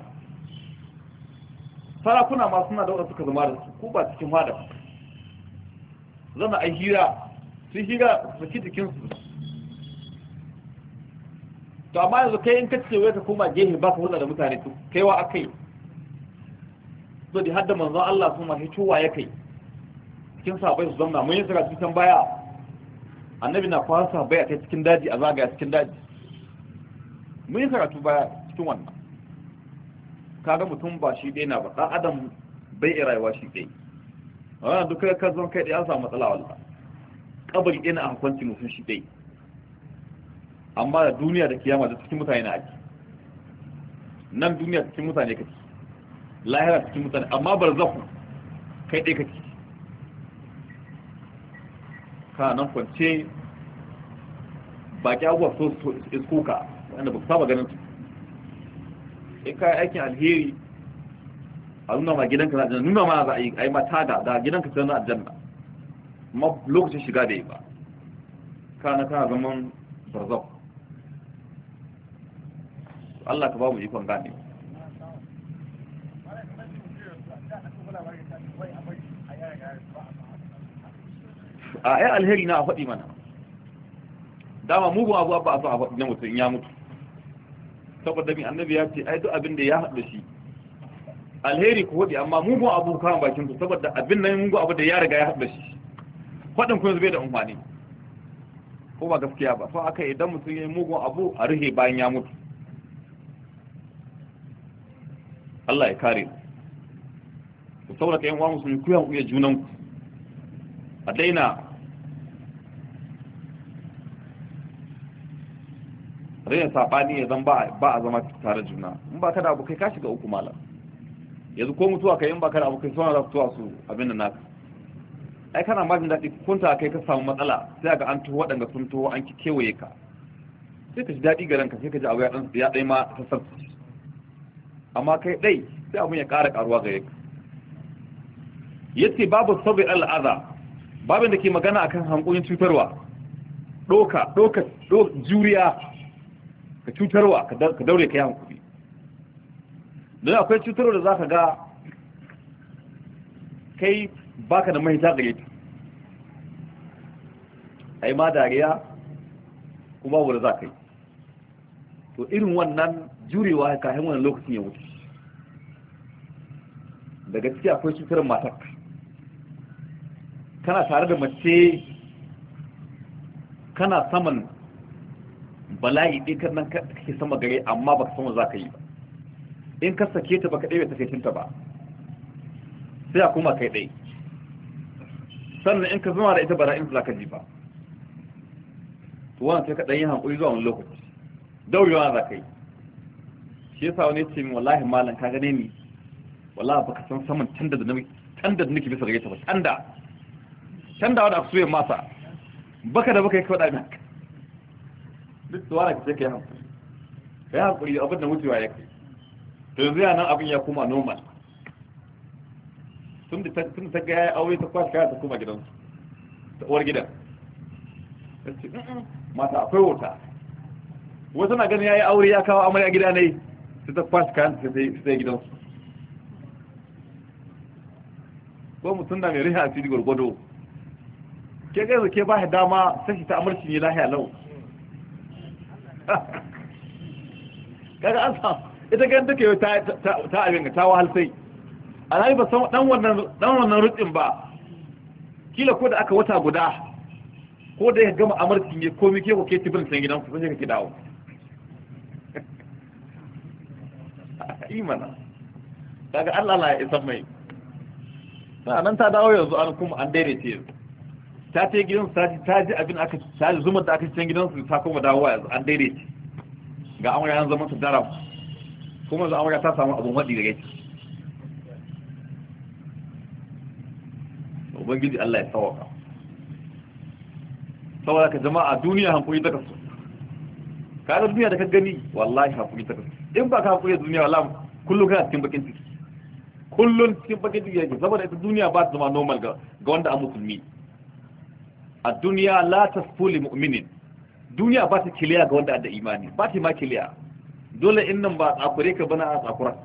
sarakuna ma suna da waɗanda suka zama da su ko ba cikin hada zana a hira sun hira su ci jikinsu to amma yanzu kai in ka ce wai ka koma gehe ba ka hulɗa da mutane to kai wa akai to da hadda manzon Allah su ma hitowa ya kai cikin sahabai su zamna mun yi karatu can baya annabi na fara sahabai a kai cikin daji a zagaya cikin daji mun yi tu baya cikin wannan kaga mutum ba shi dai na ba ɗan adam bai iya rayuwa shi dai wannan duk ka zo kai dai an samu matsala wallahi kabari dai na hukunci mutum shi dai amma da duniya da kiyama da cikin mutane na aji nan duniya cikin mutane kake lahira cikin mutane amma barzakhu kai dai kake ka nan kwance baki abubuwa so iskuka wanda ba ku saba ganin su in ka aikin alheri a nuna ma gidanka na aljanna nuna ma za a yi mata da da gidanka na aljanna amma lokacin shiga da yi ba ka na kana zaman barzau Allah ka ba mu ikon gane a ai alheri na a faɗi mana dama mugun abu ba a faɗi na mutum ya mutu saboda min annabi ya ce ai duk abin da ya haɗu shi alheri ku faɗi amma mugun abu kan bakin ku saboda abin nan mugun abu da ya riga ya haɗu shi faɗin ku zai bai da umfani ko ba gaskiya ba fa aka idan mutum ya yi mugun abu a rufe bayan ya mutu Allah ya kare ku saboda kayan wa musulmi ku yan uya junan ku a daina raina sabani ya zan ba a zama tare juna in ba ka da abokai ka shiga uku malam yanzu ko mutuwa kai in ba ka da abokai suna za su tuwa su abin da naka ai kana ma jin daɗi kunta kai ka samu matsala sai ga an tuho waɗanda sun tuwo an kewaye ka sai ka ji daɗi ga ranka sai ka ji abu ya ɗan ya ɗai ma ta sarki amma kai ɗai sai abin ya ƙara ƙaruwa yaka. ka yace babu sabai al'aza babin da ke magana akan hankulin cutarwa ɗoka ɗoka juriya ka cutarwa ka daure ka yi kuɗi don akwai cutarwa da za ka ga kai baka da mahita gare ta a yi ma dariya kuma wadda za ka yi to irin wannan jurewa ya kayan wani lokacin ya wuce daga ciki akwai cutar matar kana tare da mace kana saman bala'i ɗin kan nan kake sama gare amma baka san za ka yi ba in ka sake ta baka ɗaya ta ba sai a kuma kai ɗai sannan in ka zama da ita na in za ka ji ba to wannan sai ka ɗan yi hankuli zuwa wani lokaci wani za ka yi shi yasa wani ce min wallahi malam ka gane ni wallahi baka san saman tanda da nake da nake bisa gare ta ba tanda tanda wanda aka suye masa baka da baka yi kawai da duk da wani sai ka yi hankali ka yi hankali abin da mutuwa ya kai to yanzu yana abin ya kuma normal tun da ta ga ya aure ta kwashe kaya ta kuma gidansu ta uwar gidan mata akwai wuta wasu na ganin ya yi aure ya kawo amarya gida ne su ta kwashe kayan su sai gidansu ko mutum na mai riha asiri gwargwado ke gaisa ke ba dama sashi ta amurci ne lahiya lau kaga an samu ita ganin take ta abin ta wahal sai alhali ba san dan wannan dan wannan ba kila ko da aka wata guda ko da ya gama amurkin ne komai ke ko ke tibin san gidan ku sai ka dawo imana kaga Allah la ya isa mai nan ta dawo yanzu an kuma an daidaita yanzu ta ce gidansu ta ji ta ji abin aka ta ji zumar da aka cikin gidansu ta koma dawowa yanzu an daidaita ga amurya yan zama ta daram kuma yanzu amurya ta samu abin waɗi gare ta ubangiji Allah ya tsawaka saboda ka jama'a duniya hankuri ta kasu ka ga duniya da ka gani wallahi hankuri ta kasu in ba ka hankuri da duniya wallahi kullum kana cikin bakin ciki kullum cikin bakin ciki yake saboda ita duniya ba ta zama normal ga wanda a musulmi a duniya la fuli mu'minin duniya ba ta kiliya ga wanda da imani ba ta ma kiliya dole in nan ba a tsakure ka bana a tsakura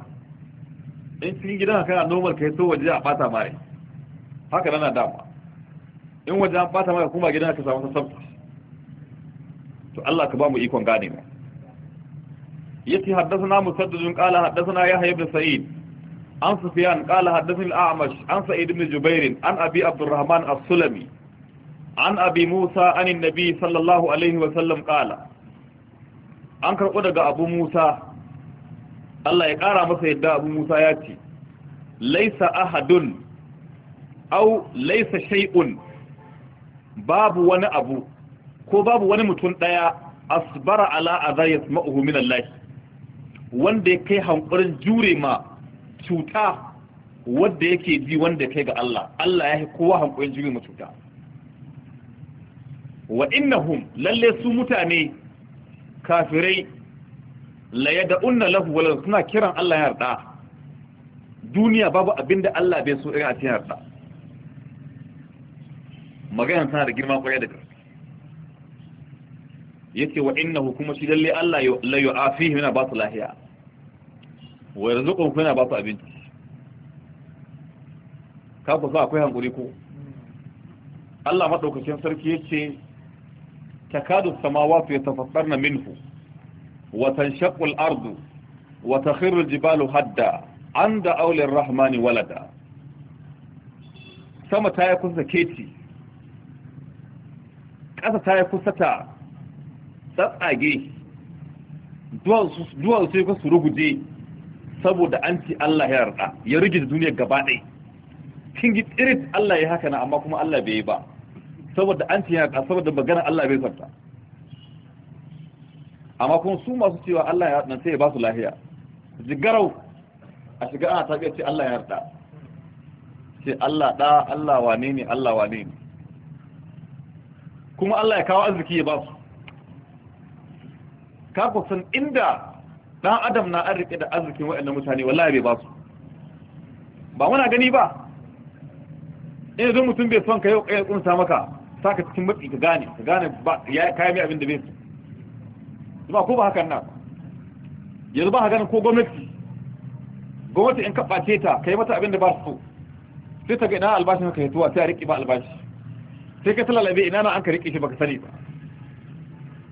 in cikin gidan kana normal kai so waje a bata mare haka nana dama in waje an bata mare kuma gidan ka samu sabta to Allah ka ba mu ikon gane mu yati haddathana musaddadun qala haddathana yahya ibn sa'id an sufyan qala haddathani al-a'mash an sa'id ibn jubair an abi abdurrahman as-sulami an abi musa an nabi sallallahu alaihi wa sallam an karɓo daga abu musa Allah ya ƙara masa yadda abu musa ya ce laisa ahadun au laisa shay'un babu wani abu ko babu wani mutum ɗaya asbara ala azar ma'uhu min Allah wanda ya kai hankurin jure ma cuta wanda yake ji wanda kai ga Allah Allah ya kowa hankurin jure ma cuta wa innahum lalle su mutane kafirai la yad'unna lahu wala suna kiran Allah ya yarda duniya babu abinda Allah bai so irin a cikin yarda magana tana da girma kwarai da gaske yace wa innahu kuma shi lalle Allah la yu'afihi yana ba su lahiya wa yarzuquhum kuma yana ba su abinci ka ku sa akwai hankuri ko hmm. Allah madaukakin sarki yace takadu samawati yatafassarna minhu wa tanshaqqu al-ardu wa takhiru al-jibalu hadda anda aulir rahmani walada sama ta yi kusa keti ƙasa ta yi kusa ta tsatsage duwatsu sai kusa ruguje saboda an ci Allah ya yarda ya rigida duniya gaba kin gi Allah ya amma kuma Allah bai yi ba saboda an ce yaƙa saboda magana Allah bai farta amma kuma su masu cewa Allah ya nan sai ya ba su lahiya jigarau a shiga ana tafiya ce Allah ya yarda ce Allah da Allah wane ne Allah wane ne kuma Allah ya kawo arziki ya ba su ka kusan inda dan adam na an rike da arzikin waɗannan mutane wallahi bai ba su ba muna gani ba ina zo mutum bai son ka yau ƙayar ƙunsa maka saka cikin matsi ka gane ka gane ba ya kai mai abin da bai ba ko ba hakan nan yanzu ba gane ko gwamnati gwamnati in kaɓa ce ta kai mata abin da ba su so sai ta ga ina albashin ka hituwa sai a riƙe ba albashi sai ka labe ina na an ka riƙe shi baka sani ba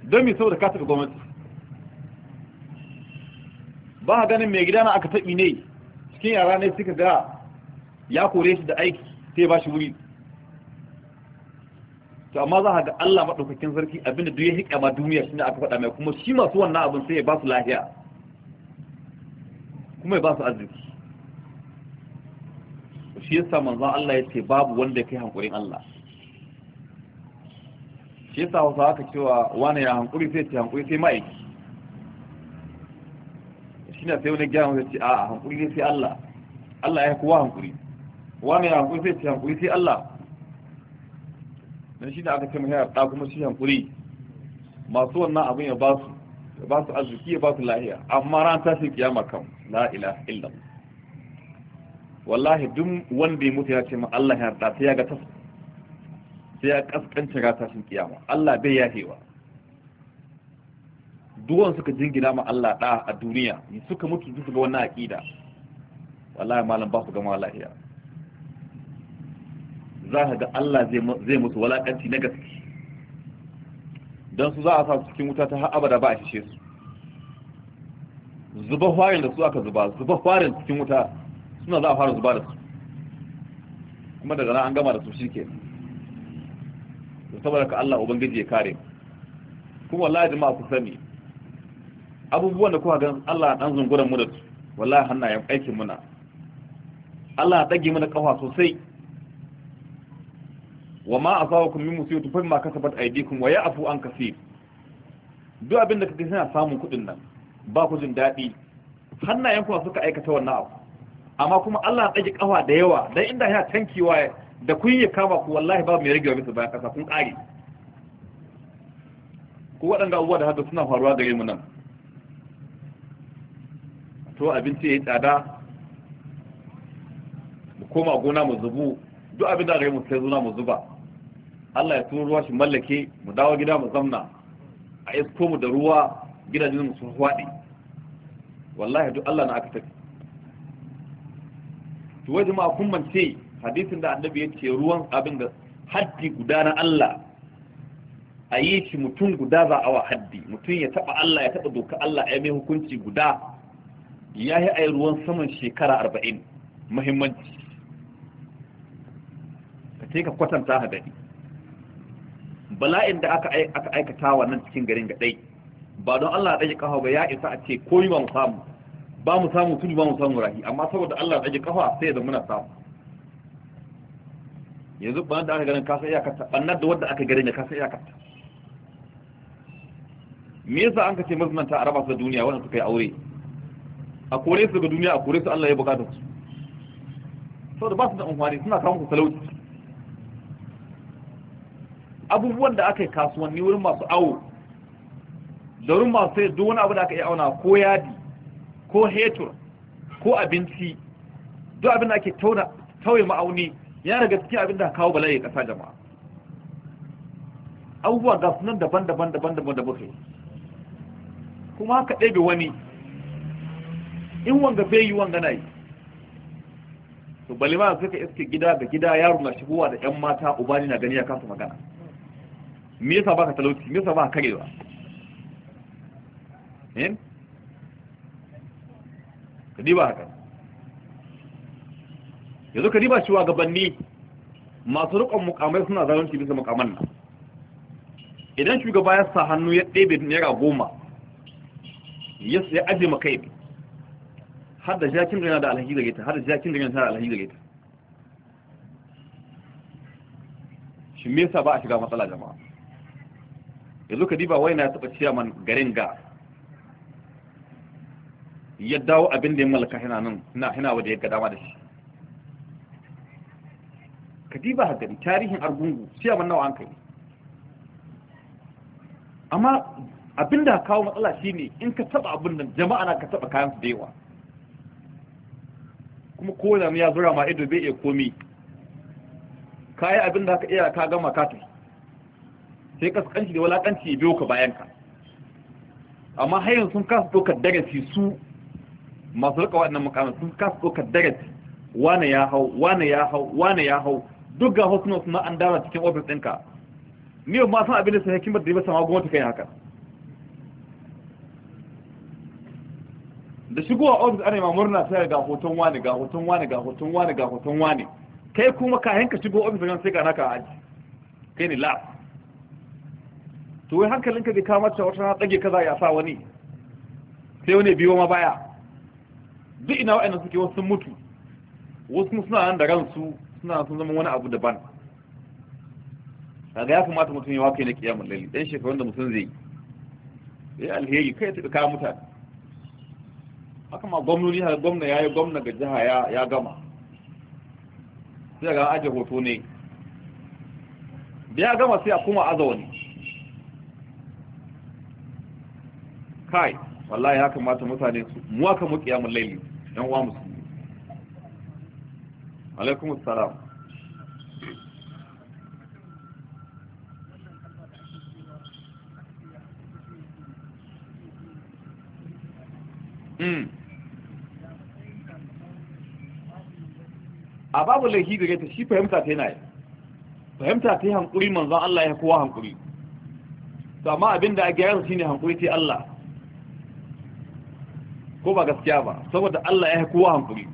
don me saboda ka gwamnati ba ka ganin mai gida na aka taɓi ne cikin yara ne suka ga ya kore shi da aiki sai ba shi wuri to amma za a ga Allah maɗaukakin sarki abinda duk ya hika ma duniya shine aka faɗa mai kuma shi masu wannan abin sai ya ba su lahiya kuma ya ba su arziki shi yasa manzon Allah ya ce babu wanda ya kai hankurin Allah shi yasa wasu haka cewa wani ya hankuri sai ce hankuri sai ma'aiki shi na sai wani gyan wanda ce a hankuri sai Allah Allah ya kowa hankuri wani ya hankuri sai ce hankuri sai Allah dan shi ne aka ce mai haɗa kuma shi hankuri masu wannan abin ya ba su ya ba arziki ya ba su lahiya amma ran tashin kiyama kan la ilaha illa wallahi duk wanda ya mutu ya ce ma Allah ya yarda sai ya ga tashin sai ya kaskancin ta tashin kiyama Allah bai ya yafewa duwan suka jingina ma Allah da a duniya suka mutu su ga wannan aqida wallahi malam ba su gama lahiya za ka ga Allah zai musu walakanci na gaske don su za a sa su cikin wuta ta har abada ba a shishe su zuba farin da su aka zuba zuba farin cikin wuta suna za a fara zuba da su kuma daga nan an gama da su shi ke saboda ka Allah ubangiji ya kare kuma wallahi jama'a ku sani abubuwan da kuka gan Allah dan zunguran mu da su wallahi hannayen aikin muna Allah ya dage mana kafa sosai wa ma asawakum min musibatu fa bima kasabat aydikum wa ya'fu an kaseer duk abin da kake suna samun kudin nan ba ku jin dadi hannayen ku suka aikata wannan abu amma kuma Allah ya tsage kafa da yawa dan inda ya tankiwa da kun yi kama ku wallahi ba mai wa musu bayan kasa kun kare ko waɗanda abubuwa da haka suna faruwa da mu nan to abinci ya yi tsada mu koma gona mu zubu duk abin da gare mu sai zuna mu zuba Allah ya turo ruwa shi mallake mu dawo gida mu zamna a isko mu da ruwa gidajen mu sun hwaɗe wallahi duk Allah na aka tafi to wai jama'a kun mance hadisin da annabi ya ce ruwan abin da haddi guda na Allah a yi shi mutum guda za a wa haddi mutum ya taba Allah ya taba doka Allah ya mai hukunci guda ya yi ayi ruwan saman shekara arba'in muhimmanci ka ce ka kwatanta hadari bala'in da aka aikata wannan cikin garin dai ba don Allah ɗaje kafa ba ya isa a ce koyi ba mu samu ba mu samu tudu ba mu samu rahi amma saboda Allah ɗaje kafa sai da muna samu yanzu ba da aka garin kasa iyakarta annar da wanda aka garin da kasa iyakarta me yasa an ka ce mazmanta a raba su da duniya wanda suka yi aure a kore su daga duniya a kore su Allah ya bukata su saboda ba su da amfani suna kawo ku talauci abubuwan da aka yi kasuwanni wurin masu awo da wurin masu sai duk wani abu da aka yi auna ko yadi ko hetur ko abinci duk abin da ake tauye ma'auni ya daga cikin abin da kawo bala'i kasa jama'a abubuwa ga sunan daban-daban daban-daban da yi kuma haka ɗebe wani in wanga bai yi wanga na yi to balima suka iske gida ga gida yaro na shigowa da 'yan mata uba na gani ya kasa magana me yasa baka talauci me yasa baka karewa eh kadi ba haka yanzu kadi ba shiwa gabanni masu rukun mukamai suna zalunci bisa mukaman nan idan shugaba ya sa hannu ya ɗebe naira goma ya sai aje yi har da jakin da yana da alhaji gare ta har da jakin da yana da alhaji gare ta shi me yasa ba a shiga matsala jama'a yanzu ka diba wai na taɓa ciyaman garin ga ya dawo abin da ya mallaka hina nan na hina wadda ya gadama da shi ka diba ha gari tarihin argungu ciyaman nawa an kai amma abin da kawo matsala shine in ka taɓa abin nan jama'a na ka taɓa kayan su da yawa kuma kowane ya zura ma ido bai iya komi ka yi abin da ka iya ka gama ka tafi sai kaskanci da walakanci ya biyo ka bayan ka amma hayan sun kasa ɗaukar darasi su masu rika waɗannan mukamin sun kasa ɗaukar darasi wane ya hau wane ya hau wane ya hau duk ga hau suna an dara cikin ofis ɗinka ni ba san abin da sai hikimar da ya sama gwamnati kai haka da shigowa ofis ana yi murna sai ga hoton wane ga hoton wane ga hoton wane ga hoton wane kai kuma kayan ka shigo ofis ɗin sai ga naka aji kai ne lafi to wai hankalinka bai kama ta wata na tsage kaza ya sa wani sai wani biyo ma baya duk ina wa'annan suke wasu sun mutu wasu suna nan da ransu suna sun zama wani abu daban kaga ya kamata mutum ya waka na kiyamul layli dan shekarun da mutum zai yi alheri kai ta kawo mutane haka ma gwamnoni har gwamna ya yi gwamna ga jiha ya gama sai ga aje hoto ne da ya gama sai a kuma aza wani kai wallahi ya kamata mutane su mu aka mu kiyamul layli dan uwa musulmi alaikum assalam hmm. a babu laifi gare ta shi fahimta ta yana yi fahimta ta yi hankuri manzan Allah ya kowa hankuri to amma abinda a gyara shi ne hankuri ta Allah ko ba gaskiya ba saboda Allah ya kowa hankuri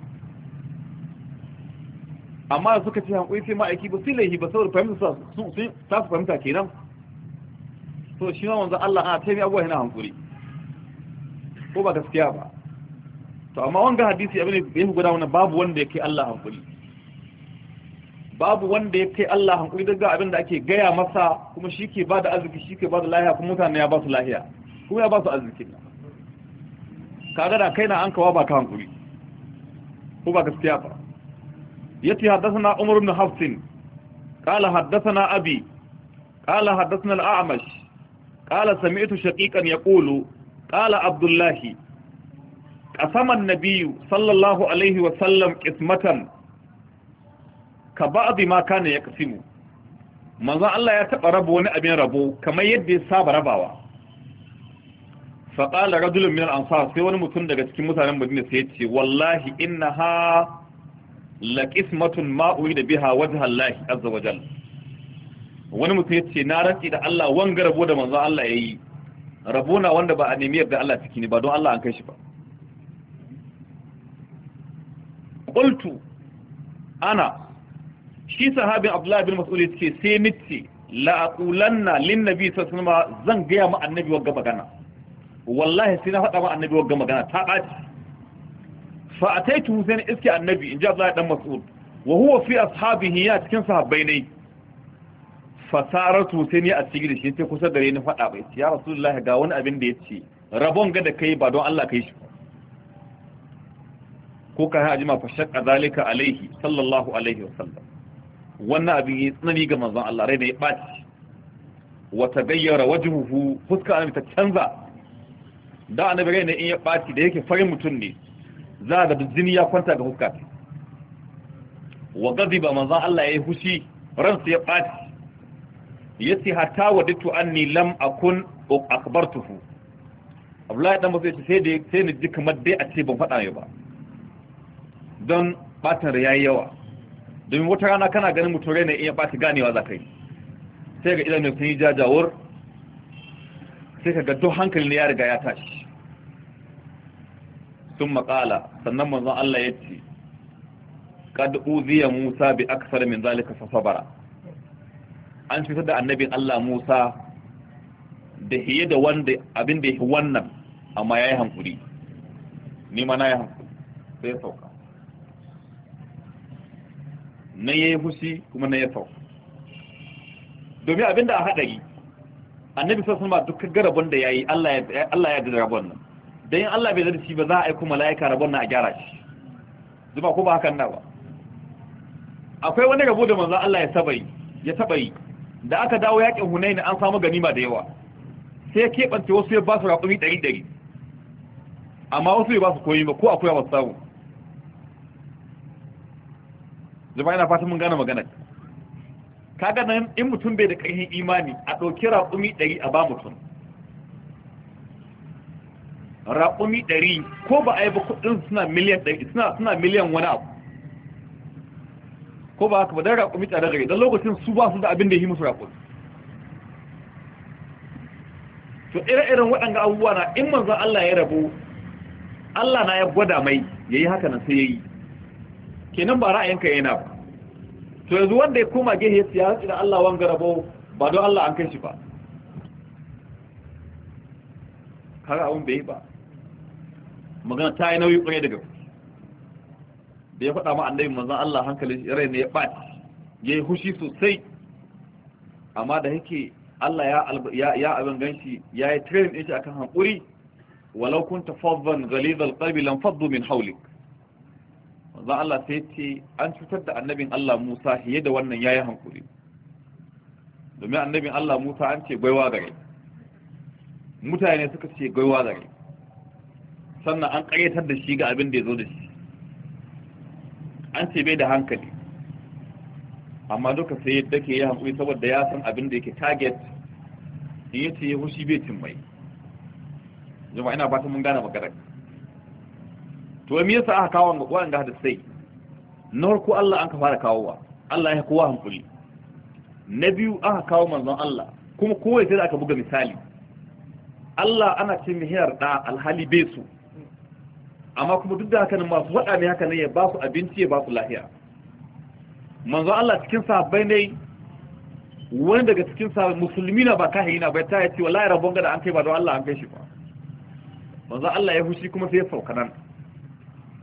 amma suka ce hankuri sai ma'aiki ba sai laihi ba saboda fahimta su sun ta su fahimta kenan to shi ma wanzu Allah ana taimi abuwa yana hankuri ko ba gaskiya ba to amma wanga hadisi abin da fi guda wannan babu wanda ya kai Allah hankuri babu wanda ya kai Allah hankuri daga abin da ake gaya masa kuma shi ke bada arziki shi ke bada lahiya kuma mutane ya ba su lahiya kuma ya ba su arzikin nan kaga da kaina an kawa ba ka hankuri ko ba gaskiya ba yace haddathana umar ibn hafs qala haddathana abi qala haddathana al-a'mash qala sami'tu shaqiqan yaqulu qala abdullah qasama an-nabiy sallallahu alayhi wa sallam qismatan ka ba'd ma kana yaqsimu manzo Allah ya taba rabo wani abin rabo kamar yadda ya saba rabawa faƙala rajulun min al-ansar sai wani mutum daga cikin mutanen Madina sai ce wallahi innaha la qismatun ma urida biha wajha Allah azza wa jalla wani mutum ya ce na rantsi da Allah wanga rabo da manzon Allah yayi rabo na wanda ba a nemi yarda Allah ciki ne ba don Allah an kai shi ba qultu ana shi sahabin Abdullah bin Mas'ud yake sai nitti la aqulanna lin nabi sallallahu alaihi wasallam zan ga ma annabi wanga magana wallahi sai na faɗa ma annabi wagga magana ta ɓaci fa ataitu sai iski iske annabi in ji Abdullahi dan Mas'ud wa huwa fi ashabihi ya cikin sahabbai ne fasaratu sai ni a cikin shi sai kusa gare ni faɗa bai ya Rasulullah ga wani abin da yace rabon ga da kai ba don Allah kai shi ko ka ha ajima fa shaqqa zalika alaihi sallallahu alaihi wasallam wannan abin ya tsanani ga manzon Allah rai da ya ɓaci wa tagayyara wajhuhu fuska annabi ta canza da annabi rai ne in ya baci da yake farin mutum ne za ga jini ya kwanta ga hukka wa gadiba manza Allah yayi hushi ransa ya ɓaci yace hatta ditu anni lam akun akbartuhu Abdullahi dan ce sai da sai ni ji kamar dai a ce ban faɗa ba don batin ya yayi yawa domin wata rana kana ganin mutum rai ne in ya gane ganewa za kai sai ga idan sun yi jajawar sai ka ga duk hankali ne ya riga ya tashi sun maƙala sannan manzon Allah ya ce kad uziya Musa bi aksar min zalika fa sabara an cutar da annabin Allah Musa da hiye da wanda abin da yake wannan amma yayi hankuri ni ma nayi hankuri sai sauka nan yayi fushi kuma nan ya sauka domin abin da a hadari annabi sallallahu alaihi wasallam duk garabon da yayi Allah ya Allah ya da garabon nan dan Allah bai zarci ba za a aika mala'ika rabon na a gyara shi zuba ko ba hakan na ba akwai wani rabo da manzo Allah ya sabai ya da aka dawo yakin Hunain an samu ganima da yawa sai ya kebance wasu ya ba su raƙumi 100 amma wasu ya ba su koyi ba ko akwai wasu samu zuba ina fatan mun gane magana kaga nan in mutum bai da ƙarfin imani a ɗauki raƙumi 100 a ba mutum raƙumi ɗari ko ba a yi ba kuɗin suna miliyan ɗari suna miliyan wani abu ko ba haka ba don raƙumi tsada gari don lokacin su ba su da abin da ya yi musu raƙumi to ire-iren waɗanda abubuwa na in manzan Allah ya rabu Allah na ya gwada mai ya yi haka nan sai ya yi kenan ba ra'ayinka yana ba to yanzu wanda ya koma gehe ya da Allah wanga rabo ba don Allah an kai shi ba kaga abin bai ba magana ta yi nauyi kwaye daga da ya faɗa ma annabi manzon Allah hankali rai ne ya ɓaci ya yi hushi sosai amma da yake Allah ya ya abin ganshi ya yi training ɗin shi akan hankuri walau kunta faddan ghalid alqalbi lam faddu min hawlik manzon Allah sai ce an cutar da annabin Allah Musa hiye da wannan yi hankuri domin annabin Allah Musa an ce gwaiwa gare mutane suka ce gwaiwa gare sannan an ƙayyatar da shi ga abin da ya zo da shi an ce bai da hankali amma duka sai yadda ke yi hankali saboda ya san abin da yake target in yace ya hushi bai cin mai jama'a ina fatan mun gane magana to me yasa aka kawo wa'anda hada sai na farko Allah an ka fara kawowa Allah ya kowa hankali na biyu aka kawo manzon Allah kuma kowai sai aka buga misali Allah ana cin mihiyar da alhali bai su amma kuma duk da haka nan masu faɗa ne haka nan ya ba su abinci ya ba su lahiya manzo Allah cikin sahabbai ne wani daga cikin sahabbai musulmi na ba ka na bai ta yace wallahi rabon da an kai ba don Allah an kai shi ba manzo Allah ya hushi kuma sai ya sauka nan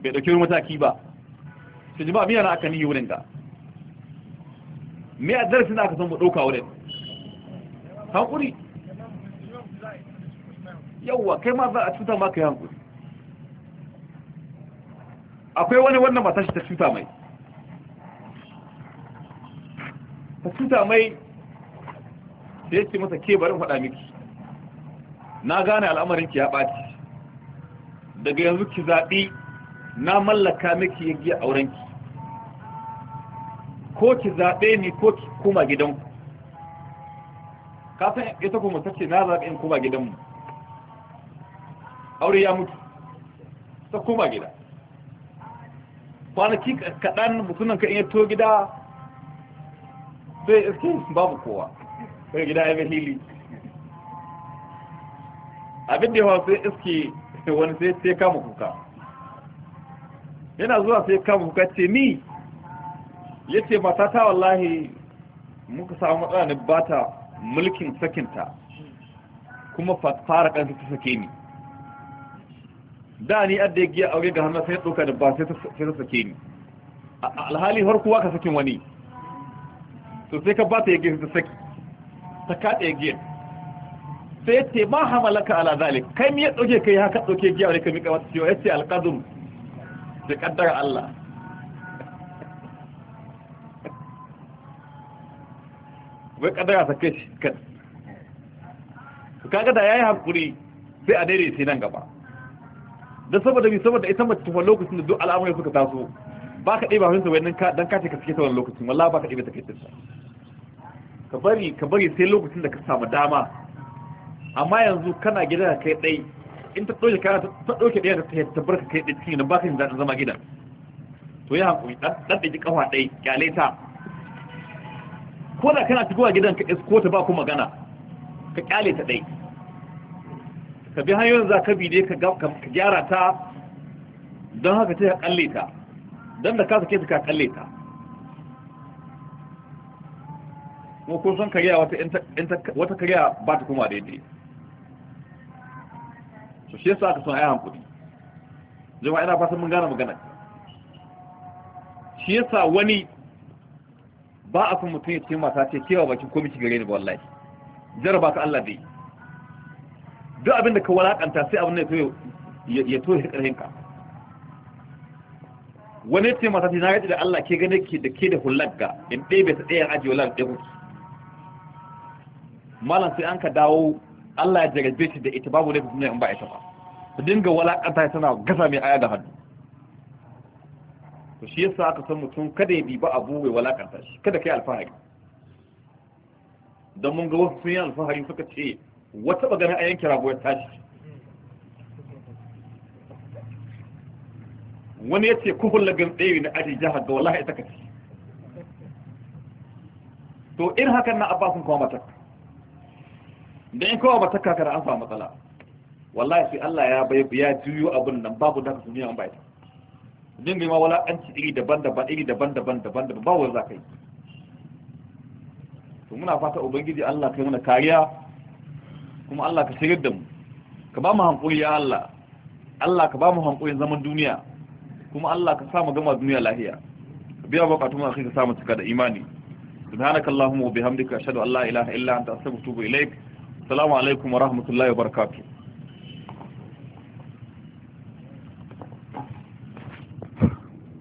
bai dauke wani mataki ba sai jama'a miya na aka niyi wurin ga me a darasin da aka san mu dauka wurin hankuri yawa kai ma za a cuta ma yi hankuri akwai wani wannan mata shi ta cuta mai ta cuta mai sai ce masa ke barin faɗa miki na gane al'amarin ki ya ɓaci daga yanzu ki zaɓi na mallaka miki ya giya ki ko ki zaɓe ni ko ki koma gidanku ka san ita kuma ta ce na zaɓe in kuma gidanmu aure ya mutu ta kuma gida kwanaki kaɗan mutunan ka in ya to gida sai iske babu kowa sai gida ya hili abin da yawa sai iske wani sai sai kama kuka yana zuwa sai kama kuka ce ni ya ce mata ta wallahi muka samu matsala ne ba ta mulkin sakinta kuma fara ƙarfi ta sake ni da ni adda ya giya aure ga hannu sai ɗauka da ba sai ta sake ni alhali har kuwa ka sakin wani to sai ka ba ta yage ta saki ta kaɗe yage sai ce ma hamalaka ala zalik kai mi ya ɗauke kai haka ɗauke giya wani kami wata ciwo ya ce alƙadun da ƙaddara Allah wai ƙaddara ta kai shi kan kaga da ya yi haƙuri sai a daidaita nan gaba don saboda bi saboda ita mace tufa lokacin da duk al'amari suka taso ba ka ɗiba hunsa wayannan ka dan kace ka sake ta wani lokacin walla ba ka ɗiba ta kai ta ka bari ka bari sai lokacin da ka samu dama amma yanzu kana gida kai ɗai in ta ɗauke kana ta ɗauke ɗaya ta tabbar ka kai ɗai cikin ba ka yi daɗin zama gidan to ya hankali ɗan ɗan ɗaki ƙafa ɗai kyale ta ko da kana shigowa gidan ka ko ta ba ku magana ka kyale ta ɗai ka bi hanyoyin za ka ka gyara ta don haka ta kalle ta don da ka sake ka kalle ta kuma kun san kariya wata kariya ba ta kuma daidai so shi yasa aka son ayi kudi jama'a ina fatan mun gane magana shi yasa wani ba a kuma mutum ya ce mata ce kewa bakin komiki gare ni ba wallahi jaraba ka Allah dai duk abin da ka walakanta sai abin da ya to karhin ka wani ce masa na gaji da Allah ke gane ke da ke da hulagga in bai ta daya ajiye wala da kuki malam sai an ka dawo Allah ya jarabe shi da ita babu laifin ne in ba ita ba ta dinga walakanta ya tana gasa mai aya da hannu to shi yasa aka san mutum kada ya ba abu mai walakanta shi kada kai alfahari don mun ga wasu sun yi alfahari suka ce wata magana ganin a yankin raguwar tashi wani ya ce kuhun lagan ɗaya na aji jihar ga wallahi ita kaci to in hakan na abbasun kuma mataka da in kawo matakka kana an samu matsala wallahi sai Allah ya bai ya juyo abin nan babu da su an bai din ma wala an ci iri daban-daban iri daban-daban daban-daban babu za kai to muna fata ubangiji Allah kai mana kariya kuma Allah ka shigar da mu ka ba mu hankuri ya Allah Allah ka ba mu hankurin zaman duniya kuma Allah ka sa mu gama duniya lafiya ka biya bukatun mu ka sa mu cika da imani subhanaka allahumma wa bihamdika ashhadu an la ilaha illa anta astaghfiruka wa atubu ilaik assalamu alaikum wa rahmatullahi wa barakatuh